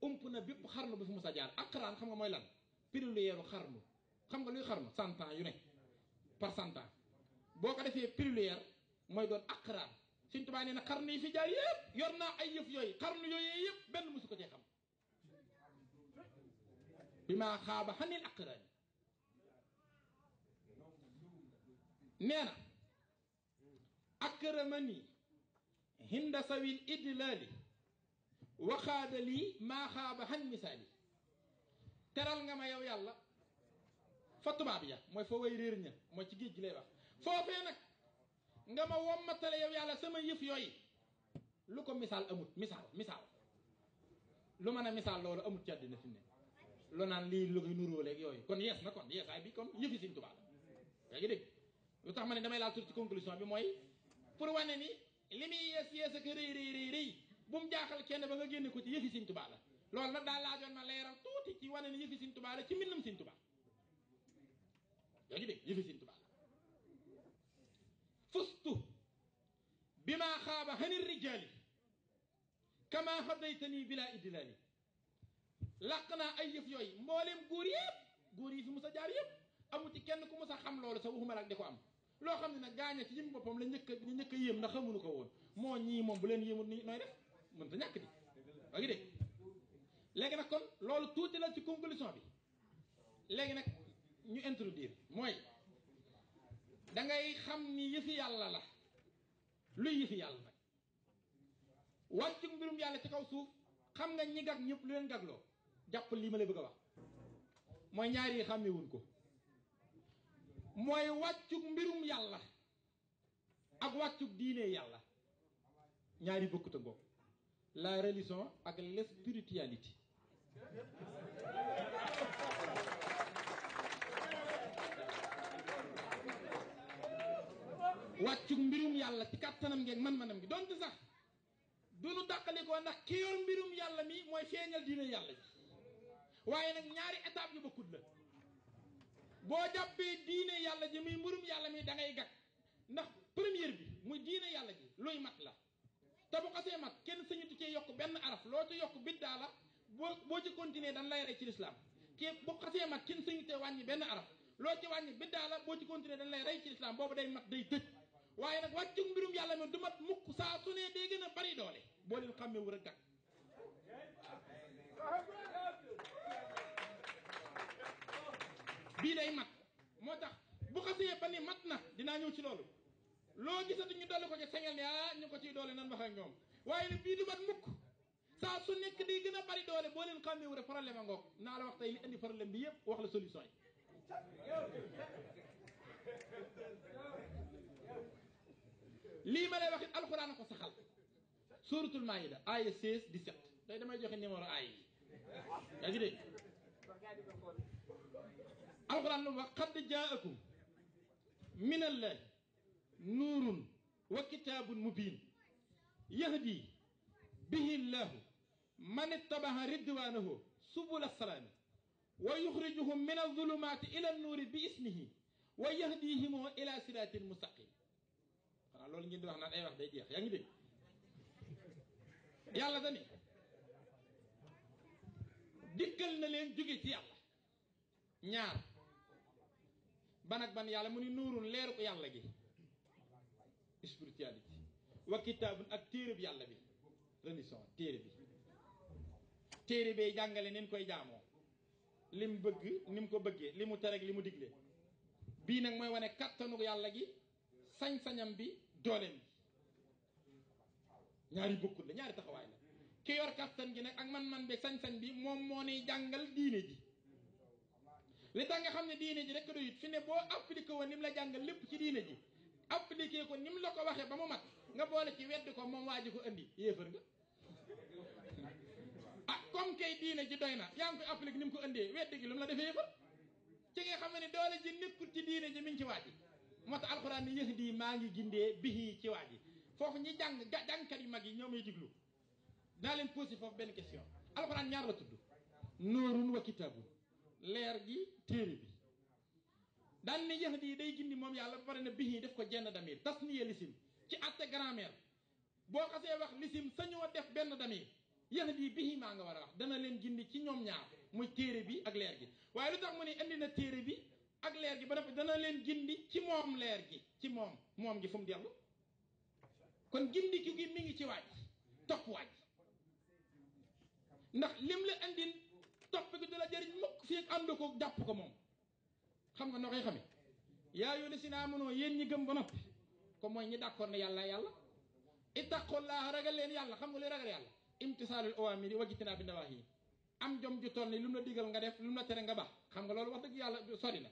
A: ump na bépp xarnu bi fu mos jaar aqraan xam nga mooy lan priluyeeru xarnu xam nga luy xarnu cent ans yu ne par cent ans boo ko defee priluyeer mooy doon aqraan sëñ Tuubaa nee na xarnu yi fi jaar yëpp yor naa ay yëf yooyu xarnu yooyu yëpp benn mosu ko cee xam bi maa xaaba xanil aqraani nee na akramani hinda sawil idlaali waxaada lii maa xaaba xan misaali teral nga ma yow yàlla fa tubaab ya mooy foo way réer ña mooy ci géej gi lay wax foofee nag nga ma wommatale yow yàlla sama yëf yooyu lu ko misaal amut misaal misaal lu mën a misaal loolu amut ci àddina fi ne lu naan lii lu koy nuróoleeg yooyu kon yees na kon yeesaay bi kon yëfi Sëñ Tuubaa la yaa ngi dégg lu tax ma ne damay laal tur ci conclusion bi mooy pour wane ni li muy yees yees ak rëy rëy rëy rëy bu mu jaaxal kenn ba nga génne ko ci yëfi Sëñ Tuubaa lool loolu nag daal laajoon ma leeral tuuti ci wane ni yëfi Sëñ Tuubaa ci mbindum Sëñ Tuubaa yaa ngi فزت بما خاب عن الرجال كما هديتني بلا إدلال لقنا أي فيوي مولم غوريب غوري في موسى جاريب أمو تي كن كو موسى خام لول سا وخوما لك ديكو أم loo xam ne nag gaañe ci jëm boppam la njëkk ñu njëkk a yéem na xamuñu ko woon moo ñii moom bu leen yéemul ni nooy def mën ta ñàkk di waa ngi dégg léegi nag kon loolu tuuti la ci conclusion bi léegi nag ñu introduire mooy dangay xam ni yëfi yàlla la luy yëfi yàlla nag wàccu mbirum yàlla ci kaw suuf xam nga ñi gag ñëpp lu leen gagloo jàpp lii ma la bëgg a wax mooy ñaari xàmmewuñ ko mooy wàccug mbirum yàlla ak wàccug diine yàlla ñaari bokkut a la religion ak la wàccu mbirum yàlla ci kàttanam ngeeg man-manam gi donte sax du nu dàqalikoo ndax ki yor mbirum yàlla mi mooy feeñal diine yàlla ji waaye nag ñaari étape yu bokkut la boo jàppee diine yàlla ji muy mbirum yàlla mi da ngay gag ndax première bi muy diine yàlla ji luy mat la te bu xasee mat kenn sañu di cee yokk benn araf loo ci yokk biddaa la boo boo ci continuer dan lay rey ci lislaam ke bu xasee mat kenn sañu te wàññi benn araf loo ci wàññi biddaa la boo ci continuer dan lay rey ci lislaam boobu day mat day tëj waye nak waccu mbirum yalla non du mat mukk sa suné ne gëna bari doolé bo leen xamé wu rek bi day mat motax tax bu xasee ba ni mat na dina ñëw ci loolu lo gisatu ñu dal ko ci sengel ni ah ñu ko ci doole nan wax ak ñoom waaye nag bii du mat mukk sa su nek di gëna bari doole bo leen xàmmee wër problème ngok na la wax tay li andi problème bi yépp wax la solution لي ما لا يوحي القرآن قصة خل سورة المائدة آية 6 17 لا يدمع جوخي نمور آية يجري القرآن وقد جاءكم من الله نور وكتاب مبين يهدي به الله من اتبع ردوانه سبل السلام ويخرجهم من الظلمات الى النور باسمه ويهديهم الى صراط المستقيم xanaa ah, loolu ngeen di wax naan ay wax day jeex yaa ngi dégg yàlla dani diggal na leen jóge ci yàlla ñaar ban ak ban yàlla mu ni nuurun leeru ko yàlla gi spiritualité wa kitaabun ak téere bi yàlla bi religion téere bi téere bee jàngale nin koy jaamoo li mu bëgg ni ko bëggee li tere ak li mu digle bii nag mooy wane kattanu gi sañ-sañam bi dooleem ñaari bokkul la ñaari taxawaay la ki yor kattan gi nag ak man-man bi sañ-sañ bi moom moo ni di diine ji li tax nga xam ne diine ji rek doyut fi ne boo appliqué woon nim la ci diine ji ko nim la ko waxee ba mu mat nga boole ci wedd ko moom waa ko andi yéefar nga ah comme kay diine ji doy na yaa ngi koy ko andee wedd gi lu mu la defee yéefar ci nga xam doole ji nekkul ci diine ji ci moo tax alxuraan ni yëx di maa ngi gindee bihi ci waa ji foofu ñi jàng jàngkat yu mag yi ñoo may diglu daa leen posé foofu benn question alxuraan ñaar la tudd nóorun wa kitaabun leer gi téere bi daan ne yëx di day gindi moom yàlla ba pare na bihi def ko jenn damir tas niye lisim ci atte grammaire boo xasee wax lisim sañoo def benn damir yëx di bihi maa nga war a wax dana leen gindi ci ñoom ñaar muy téere bi ak leer gi waaye lu tax mu ne na téere bi ak leer gi ba noppi dana leen gindi ci moom leer gi ci moom moom gi fu mu dellu kon gindi ki gi mi ngi ci waaj topp waaj ndax lim la andil topp gi dula la jëriñ mukk fii ànd ko jàpp ko moom xam nga noo koy xamee yaa yoo si naa mënoo yéen ñi gëm ba noppi ko mooy ñi d'accord ne yàlla yàlla ragal leen yàlla xam nga li ragal yàlla awamiri wa jitinaa bi am jom ju toll ni lu mu la digal nga def lu mu la tere nga ba xam nga loolu wax dëgg yàlla sori na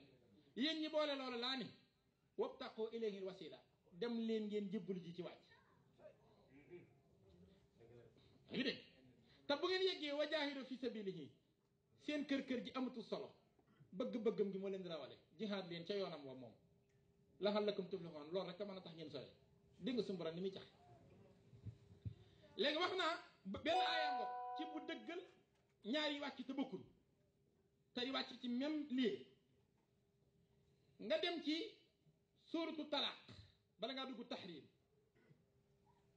A: yéen ñi boole loolu la ni wabtaqu ilayhi alwasila dem leen ngeen jëbbul ji ci wàcc ngi dégg te bu ngeen yeggee wa jaahidu fi sabilihi seen kër-kër gi amatu solo bëgg-bëggam gi mo leen di rawale jihaad leen ca yoonam wa la halakum tuflihun lool rek ka mën tax ngeen sore de nga sumbura ni mi tax léegi waxna ben benn aaya ci bu dëggal ñaari wacc wàcc te bokkul te wacc ci même lieu nga dem ci suuratu talaaq bala ngaa dugg taxriim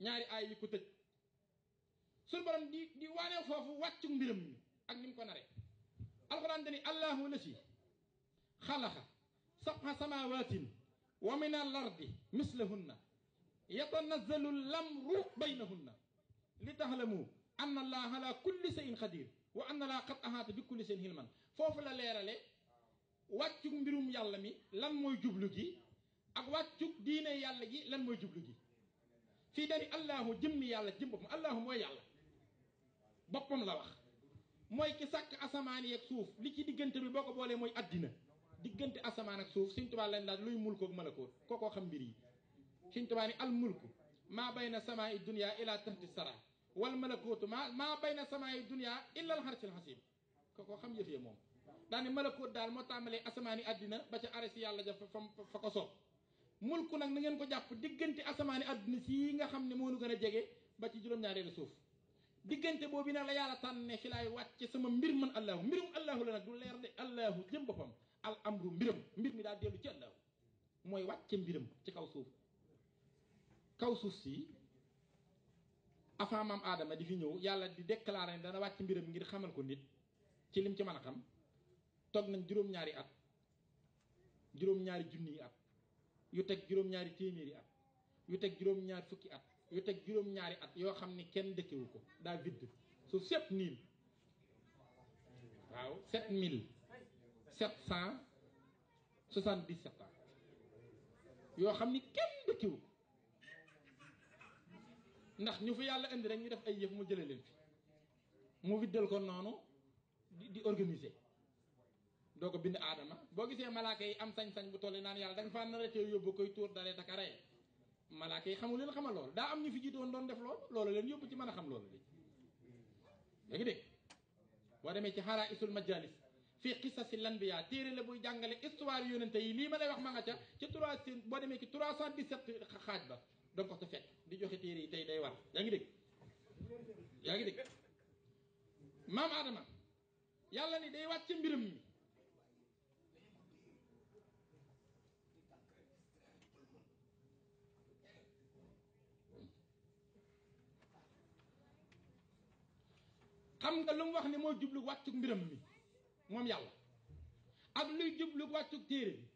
A: ñaari aay yi ko tëj suñu borom di di waanee foofu wàccu mbiram mi ak ni mu ko nare alquran dani allahu lasi xalaqa sabxa samawaatin wa min al ardi mislahunna yatanazzalu lamru baynahunna li taxlamu anna allaha ala kulli shay'in qadir wa anna laa qad ahaata bi kulli shay'in hilman foofu la leerale wàccug mbirum yàlla mi lan mooy jublu gi ak wàccug diine yàlla gi lan mooy jublu gi fii dani allahu jëmmi yàlla jëm boppam allahu mooy yàlla boppam la wax mooy ki sàkk asamaan yeeg suuf li ci diggante bi boo ko boolee mooy àddina diggante asamaan ak suuf suñ tubaa lañ laaj luy mulkoog koo kookoo xam mbir yi suñ tubaa ni al mulku maa bayna samaa i dunia ila tahti sara wal malakootu ma maa bayna samaa i dunia illa al xarsil xasim kookoo xam moom daani malakut dal mo tamale asmani adina ba ci aresi yalla ja fa ko so mulku nak na ngeen ko japp digeenti asmani adina sii nga xamne mo nu gëna jégué ba ci juroom ñaareelu suuf digeenti bobu la yalla fi lay wacc sama mbir man allahu mbirum allahu la nak du leer de allahu jëm bopam al amru mbirum mbir mi da delu ci allahu mooy wàcce mbirum ci kaw suuf kaw suuf si afa mam adama di fi ñew yalla di déclarer dana wacc mbirum ngir xamal ko nit ci lim ci xam tok nañ juroom ñaari at juroom ñaari junniyi at yu tek juroom ñaari téeméeri at yu tek juroom ñaar fukki at yu tek juroom ñaari at yo xamni ne kenn dëkkewu ko daa vidd so sept mille waaw sept mille sept cent soixante dix sept ans yoo xam kenn ko ndax ñu fi yalla indi rek ñu def ay yef mu jëlé leen fi mu viddel ko nonu di organiser doo ko bind aadama boo gisee malaaka yi am sañ-sañ bu tolli naan yàlla da nga faa a tee yóbbu koy tuur daree a rey malaaka yi xamul leen xamal lool daa am ñu fi jiitoon doon def loolu loolu leen yóbbu ci mën a xam loolu li yaa ngi boo demee ci xaraa isul majalis fii qisasi lanbiya téere la buy jàngale histoire yonente yi lii ma lay wax ma nga ca ci trois boo demee ci trois cent dix-sept xaaj ba danga ko sa fekk di joxe téere yi tey day war yaa yaa ngi dégg maam Adama yàlla ni day wàcc mbiram mi xam nga lu mu wax ne moo jublu wàccug mbiram mi moom yàlla ak luy jublu wàccug téere bi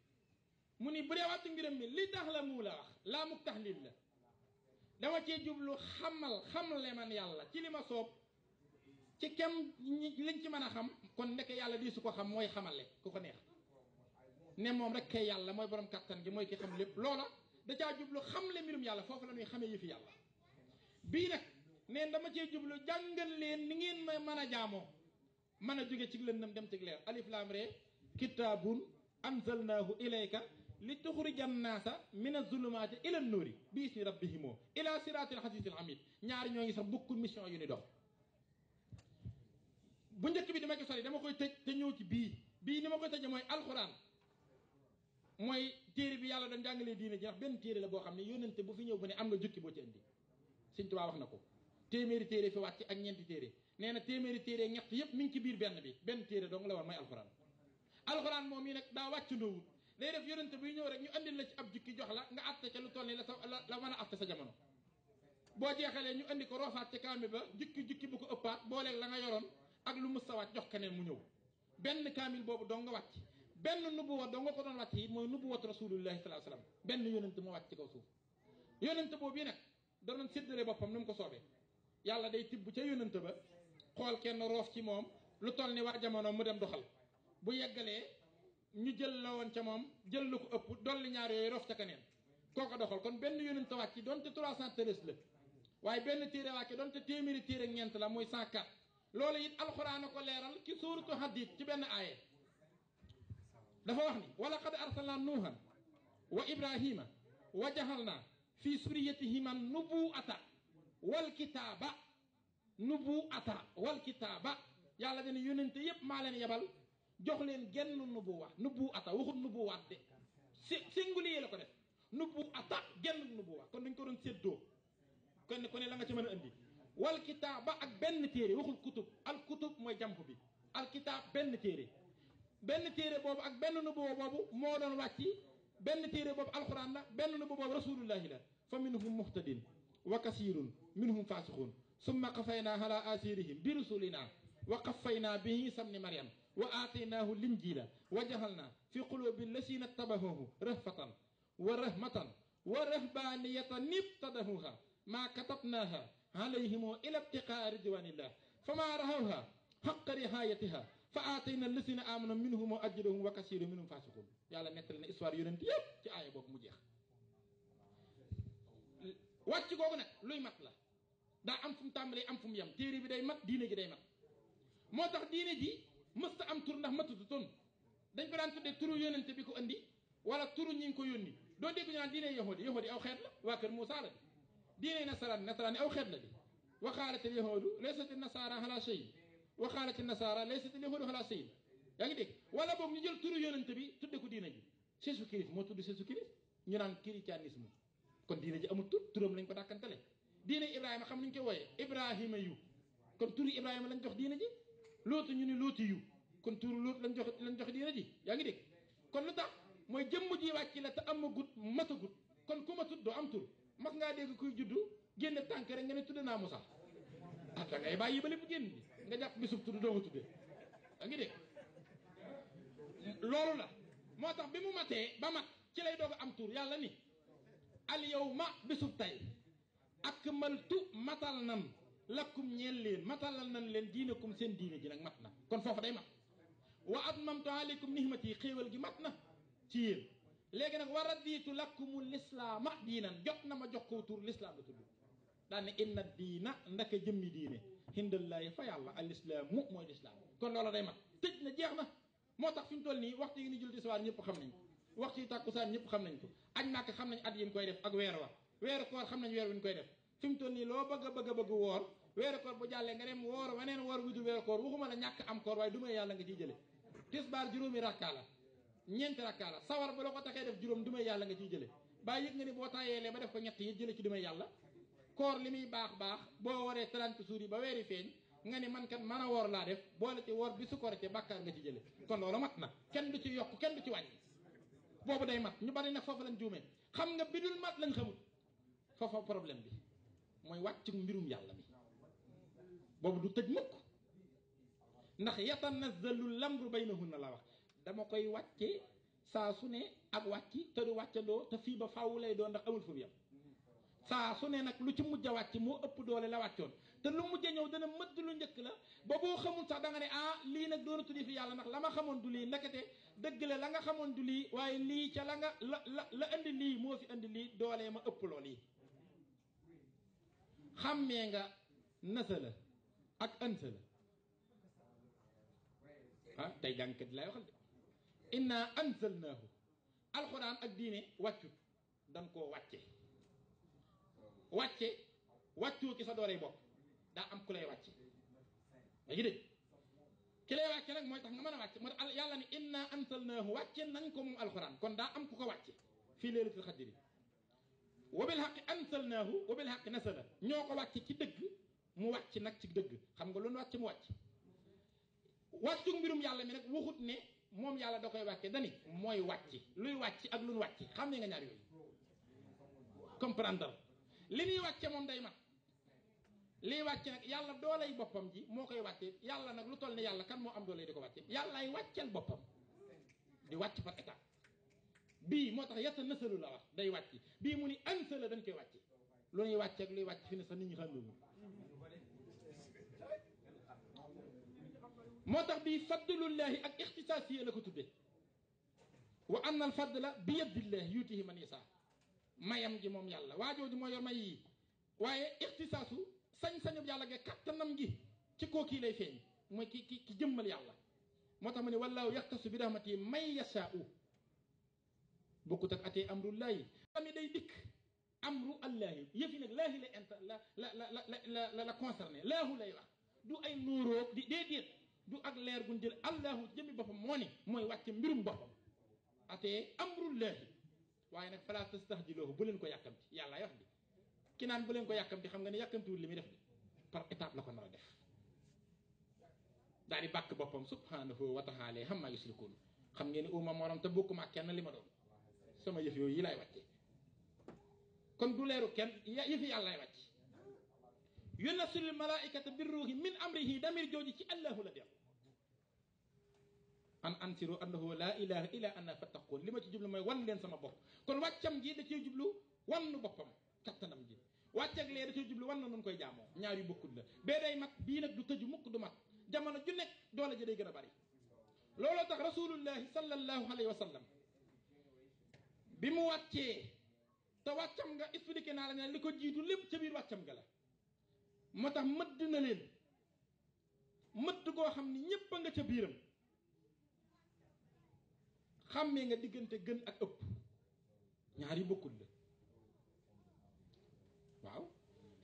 A: mu ni bu dee wàccug mbiram mi li tax la muu la wax laa muk taxlil la dama cee jublu xamal yàlla ci li ma soob ci kem liñ ci mën a xam kon nekk yàlla di su xam mooy xamale ku ko neex ne moom rek yàlla mooy borom kàttan gi mooy ki xam lépp loola da caa jublu le mbirum yàlla foofu la ñuy xamee yëfi yàlla bii nag neen dama cee jublu jàngal leen ni ngeen ma mën a jaamoo mën a jóge ci lëndëm dem ci leer alif laam ree kitaabun anzalnaahu ilayka li tuxrija annaasa min azulumaati ila nuuri bi isni rabbihimoo ila siraatil xasiisil xamid ñaari ñoo ngi sax bokkul mission yu ni dox bu njëkk bi dama ko sori dama koy tëj te ñëw ci bii bii ni ma koy tëjee mooy alxuraan mooy téere bi yàlla doon jàngalee diine ji ndax benn téere la boo xam ne yónnante bu fi ñëw bu ne am nga jukki boo ci indi Sëñ Tuubaa na ko téeméeri téere fi wàcc ak ñeenti téere nee na téeméeri téere ñett yépp mi ngi ci biir benn bi benn téere dong la war mooy alxuraan alxuraan moom yi nag daa wàcc ndoowut day def buy ñëw rek ñu andil la ci ab jukki jox la nga atte ca lu toll ni la sa la mën sa jamono boo jeexalee ñu andi ko roofaat ca kaami ba jukki jukki bu ko ëppaat booleeg la nga yoroon ak lu mu sawaat jox keneen mu ñëw benn kaamil boobu dong nga wàcc benn nubuwa dong nga ko doon wàcc yi mooy nubuwat rasulullahi sallallahu alayhi wasallam benn yonent moo wàcc ci kaw suuf yonent boobu yi nag da doon séddale boppam ni mu ko soobee yàlla day tibb ca yónnent ba xool kenn roof ci moom lu toll ni waa jamono mu dem doxal bu yeggalee ñu jël la woon ca moom jël lu ko ëpp dolli ñaar yooyu roof ca kaneen kooka doxal kon benn yónnent wàcc ki donte 313 la waaye benn téere wàcc donte téeméeri téere ak ñeent la muy 104 loolu it alxuraan a ko leeral soo suuratu Hadiid ci benn aaye dafa wax ni wa laqad arsalnaa nuuhan wa ibrahima wa jaxalnaa fi suriyatihima nubuwata wal kitaaba nubuwata wal kitaaba yàlla dana yónnente yépp maa leen yebal jox leen genn nubuwa ata waxut nubuwaat de singulier la ko def nubuwata genn nubuwa kon dañ ko doon séddoo kon ku ne la nga ci mën a indi wal ak benn téere waxul kutub al mooy jamp bi al kitaab benn téere benn téere boobu ak benn nubuwa boobu moo doon wàcc benn téere boobu alxuraan la benn nubuwa boobu rasulullahi la fa minhum muhtadin وكثير منهم فاسقون ثم قفينا على آثيرهم برسلنا وقفينا به سمن مريم وآتيناه الإنجيل وجهلنا في قلوب الذين اتبعوه رهفة ورحمة ورهبانية ابتدعوها ما كتبناها عليهم إلى ابتقاء رضوان الله فما رهوها حق رهايتها فآتينا الذين آمنوا منهم أجرهم وكثير منهم فاسقون يا الله na histoire yonent yépp ci aaya boobu wàcc googu nag luy mat la daa am fu mu tàmbalee am fu mu yem téere bi day mat diine ji day mat moo tax diine ji mësta am tur ndax matutu ton dañ ko daan tuddee turu yónnante bi ko andi wala tur ñi ngi ko yónni doo dégg ñu naan diine yahudi yahudi aw xeet la waa kër Muusaa la di diine nasaraan nasaraan aw xeet la di waxaalatil yahudu laysati nasaara ala shay waxaalatil nasaara laysati yahudu ala shay yaa ngi dégg wala boog ñu jël turu yónnante bi tudde ko diine ji moo tudd Jésus Christ ñu naan christianisme kon diine ji amul tur turam lañ ko dàkkantale diine ibrahima xam nuñ ko woyé ibrahima yu kon turu ibrahima lañ jox diine ji lotu ñu ni lotu yu kon turu lotu lañ jox lañ jox diine ji ya ngi dégg kon lu tax mooy jëmm ji wacc la te amagut matagut kon kuma matut do am tur mas nga dégg kuy juddu genn tank rek nga ne tudena musa ah ngay bayyi ba lepp genn nga japp bisub tudd do ko tuddee yaa ngi dégg loolu la motax tax bi mu matee ba mat ci lay dogu am tur yalla ni al yawma bésub tey akmaltu matal nan lakkum ñeel leen matalal nan leen diinakum seen diine ji nag mat na kon foofu day mat wa atmamtu aleykum nihmati xéewal gi mat na ci yéen léegi nag wa raditu lakkumu lislaama diinan jot na ma jox ko tur lislaam la tudd daan ne inna diina ndaka jëmmi diine hindallaahi fa yàlla al islaamu mooy lislaam kon loola day mat tëj na jeex na moo tax fi mu toll nii waxtu yi ni julti soir ñëpp xam nañ wax ci takusan ñep xam nañ ko añ màkk xam nañ at yi koy def ak wër wa wër koor xam nañ wër wi ngi koy def fim mu toll nii bëgg bëgg bëgg wor wër koor bu jalle nga dem wor wenen wor wu du koor waxuma la ñak am koor way duma yalla nga ci jëlé tisbaar juróomi rakkaa la ñeenti sawar bu lako ko def juroom duma yalla nga ci jëlé ba yek nga ni tayé lé ba def ko ñett yi jëlé ci duma yalla koor limi bax bax bo woré 30 trente ba wéri feñ nga ni man kat mana wor la def bo la ci wor bi su koor ci bakkar nga ci jëlé kon lolu mat na kenn du ci yok kenn du ci wàññi boobu day mat ñu bari nag foofu lañ juumee xam nga bi dul mat lañ xamul foofa problème bi mooy wàcc mbirum yàlla mi boobu du tëj mukk ndax na bay lamru na la wax dama koy wàcce saa su ne ak wàcc te du wàccandoo te fii ba faw lay doon ndax amul fu mu saa su ne nag lu ci mujj a wàcc moo ëpp doole la wàccoon te lu mujj ñëw dana mëdd lu njëkk la ba boo xamul sax da nga ne ah lii nag doona tuddi fi yàlla ndax la ma xamoon du lii ndekete dëgg la la nga xamoon du lii waaye lii ca la nga la indi lii moo fi indi lii doole ma ëpp lool yi xàmmee nga nasa la ak ënsa la ah tey jàngkat lay waxal de inna ansalnaahu alxuraan ak diine wàccut dan koo wàcce wàcce wàccoo ci sa dooree bokk daa am ku lay wàcce ma ngi dégg mooy tax nga mën a wàcce moo tax yàlla ne inna anzalnaahu wàcce nañ ko moom alxuraan kon daa am ku ko wàcce fii leelatul xadri wa bil xaqi anzalnaahu wa bil xaqi nasala ñoo ko wàcce ci dëgg mu wàcc nag ci dëgg xam nga loolu wàcc mu wàcc wàccu mbirum yàlla mi nag waxut ne moom yàlla da koy wàcce dani mooy wàcc luy wàcc ak lu nu wàcc xam ne nga ñaar yooyu comprendre li ñuy wàcce moom day mat lii wàcc nag yàlla doolay boppam ji moo koy wàcce yàlla nag lu toll ne yàlla kan moo am doolay di ko wàcce yàllaay wàcceel boppam di wàcc par étape bii moo tax yetta nasalu la wax day wàcc bii mu ni ansala dañ koy wàcce lu ñuy wàcce ak luy wàcc fi ne sax nit ñi xàmmewu moo tax bii fadlullahi ak ixtisaas yi la ko tudde wa anna al fadla bi yadillahi yuutihi man saa mayam ji moom yàlla waajooju moo yor may yi waaye ixtisaasu sañ-sañu yàlla ge kattanam gi ci koo kii lay feeñ mooy ki ki ki jëmmal yàlla moo tax ma ne wallaahu yaxtasu bi rahmati may yasaau bokkut ak atee amrullaahi ami day dikk amru allaahi yëf yi nag la la la la la la lay wax du ay nuuroog di déedéet du ak leer gun jël allahu jëmmi boppam moo ni mooy wàcce mbirum boppam atee amrullaahi waaye nag falaa tastahjiloohu bu leen ko yàkkamti yàlla wax bi ki nan bu len ko yàkkamti xam nga ni yàkkamtiwul li limi def par étape la ko nara def di subhanahu wa taala hamma yusrikun kami xam ngeen uuma terbuka morom te bokuma kenn do sama yef yoy yi lay wàcce kon du leeru kenn ya-, yëfi yàlla lay wàcc yunasul malaikata bi min amrihi damir joji ci allahu la def an antiru annahu la ilaha illa anna fattaqul li ci jublu moy wan len sama bok kon waccam gi da ci jublu wannu bopam kattanam gi wàcceeg lee da cee jublu wan na nun koy jaamoo ñaar yu bokkul la bee day mat bii nag du tëju mukk du mat jamono ju nekk doole ji day gën a bari looloo tax rasulullahi sallallahu alayhi wa sallam bi mu wàccee te wàccam nga expliqué naa la ne li ko jiitu lépp ca biir wàccam nga la moo tax mëdd na leen mëdd goo xam ni ñépp a nga ca biiram xàmmee nga diggante gën ak ëpp ñaar yu la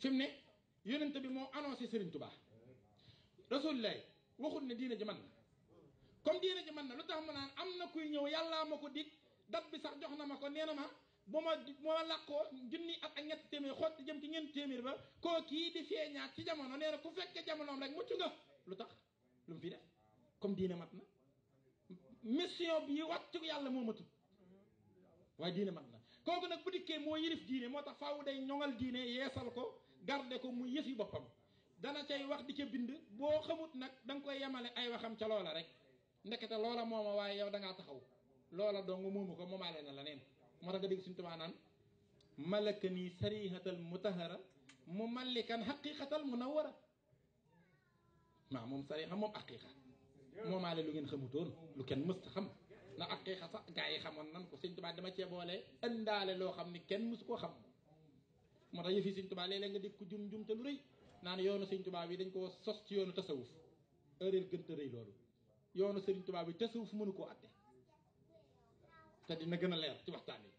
A: fimne yonent bi mo annoncer Serigne Touba rasulilah waxul ne diina ji man comme diina ji man na mo nan amna kuy ñew yalla mako dig dat bi sax joxna mako ma ko nee ma bu ma bu ma at ak ñetti téeméer jëm ci ñen téeméer ba ko ki di feeñaat ci jamono neena ku fekke jamono rek muccu nga lutax tax lu fi def comme diina matna mission bi wàccu yàlla moo matul waaye diine dina na koku nak bu dikke mo yirif diine motax faawu day ñongal diine yeesal ko garde ko mu yëfi bopam dana cay wax di ca bind bo xamut nak dang koy yamale ay waxam ca lola rek ndekete lola moma waaye yow da nga taxaw loola dong moomu ko moomaale na la mo moo deg nga dégg suñu tubaa naan sarihatal mutahhara mumallikan haqiqatal munawwara ma mom sariha mom haqiqa momale lu ngeen xamutoon lu ken mësta xam na haqiqa sax gaa xamone nan ko suñ tubaa dama ci bolé andale lo xamni ken musuko xam moo tax yëfi sëñ tubaa léeg nga dégg ko jum jum te lu rëy naan yoonu sëñ tubaa bi dañ koo sos ci yoonu tasawuf erreur gën te rëy loolu yoonu sëriñ tubaa bi tasawuf mënu ko atte te dina gën a leer ci waxtaan wi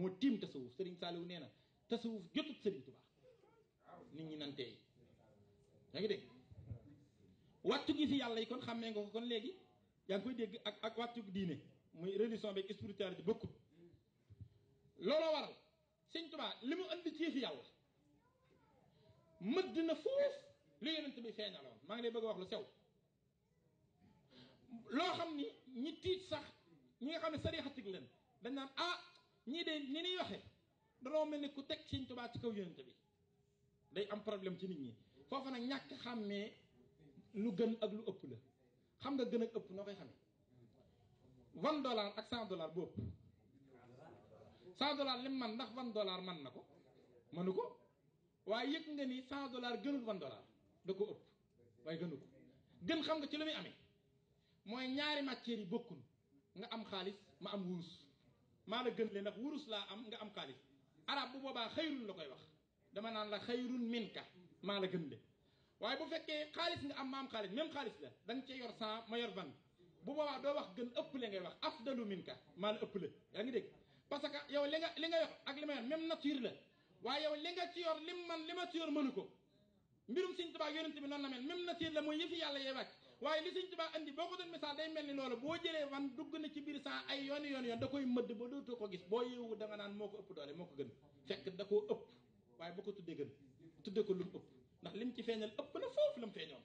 A: moo tiim tasawuf sëriñ Saaliw nee na tasawuf jotut sëriñ tubaa nit ñi nante yi yaa ngi dégg wàccu gi fi yàlla yi kon xàmmee nga ko kon léegi yaa ngi koy dégg ak ak wàccu diine muy religion beeg spiritualité bokkut looloo waral sëñ Tuubaa li mu andi ci yàlla mëdd na foofu lu yonent bi feeñaloon maa ngi lay bëgg a wax lu sew loo xam ni ñi tiit sax ñu ngi xam ne sarixatig leen dañ naan ah ñii de ni ñuy waxe danoo mel ni ku teg sëñ Tuubaa ci kaw yonent bi day am problème ci nit ñi foofu nag ñàkk xàmmee lu gën ak lu ëpp la xam nga gën ak ëpp noo koy xamee vingt dollars ak cent dollars boobu cent dollars lim man ndax vingt dollars man na ko mënu ko waaye yëg nga ni cent dollars gënul vingt dollars da ko ëpp waaye gënu ko gën xam nga ci lu muy amee mooy ñaari matières yi bokkul nga am xaalis ma am wurus maa la gën le ndax wurus laa am nga am xaalis arab bu boobaa xayrun la koy wax dama naan la xayrun minka maa la gën le waaye bu fekkee xaalis nga am ma am xaalis même xaalis la da nga cee yor cent ma yor vingt bu boobaa doo wax gën ëpp le ngay wax afdalu minka maa la ëpp le yaa ngi dégg parce que yow li nga li nga yor ak li ma yor même nature la waaye yow li nga ci yor lim man li ma ci mënu ko mbirum Sëñ Tuubaa yonent bi noonu la mel même nature la mooy yëfi yàlla yee wàcc waaye li Sëñ Tuubaa andi boo ko doon misaal day mel ni loolu boo jëlee wan dugg na ci biir saa ay yoon yoon yoon da koy mëdd ba dootoo ko gis boo yeewu da nga naan moo ko ëpp doole moo ko gën fekk da koo ëpp waaye bu ko tuddee gën tuddee ko lu mu ëpp ndax lim ci feeñal ëpp na foofu la mu feeñoon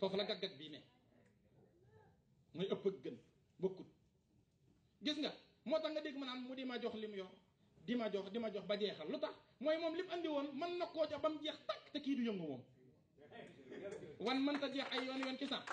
A: da la gàggag bii ne mooy ëpp gis nga motax nga deg ma nan mu di ma jox lim yor di ma jox di ma jox ba jeexal lutax moy mom lim andi won man na koo ca ba mu jeex tàkk te ki du yeng mom wan ta jeex ay yoon yoon ci sax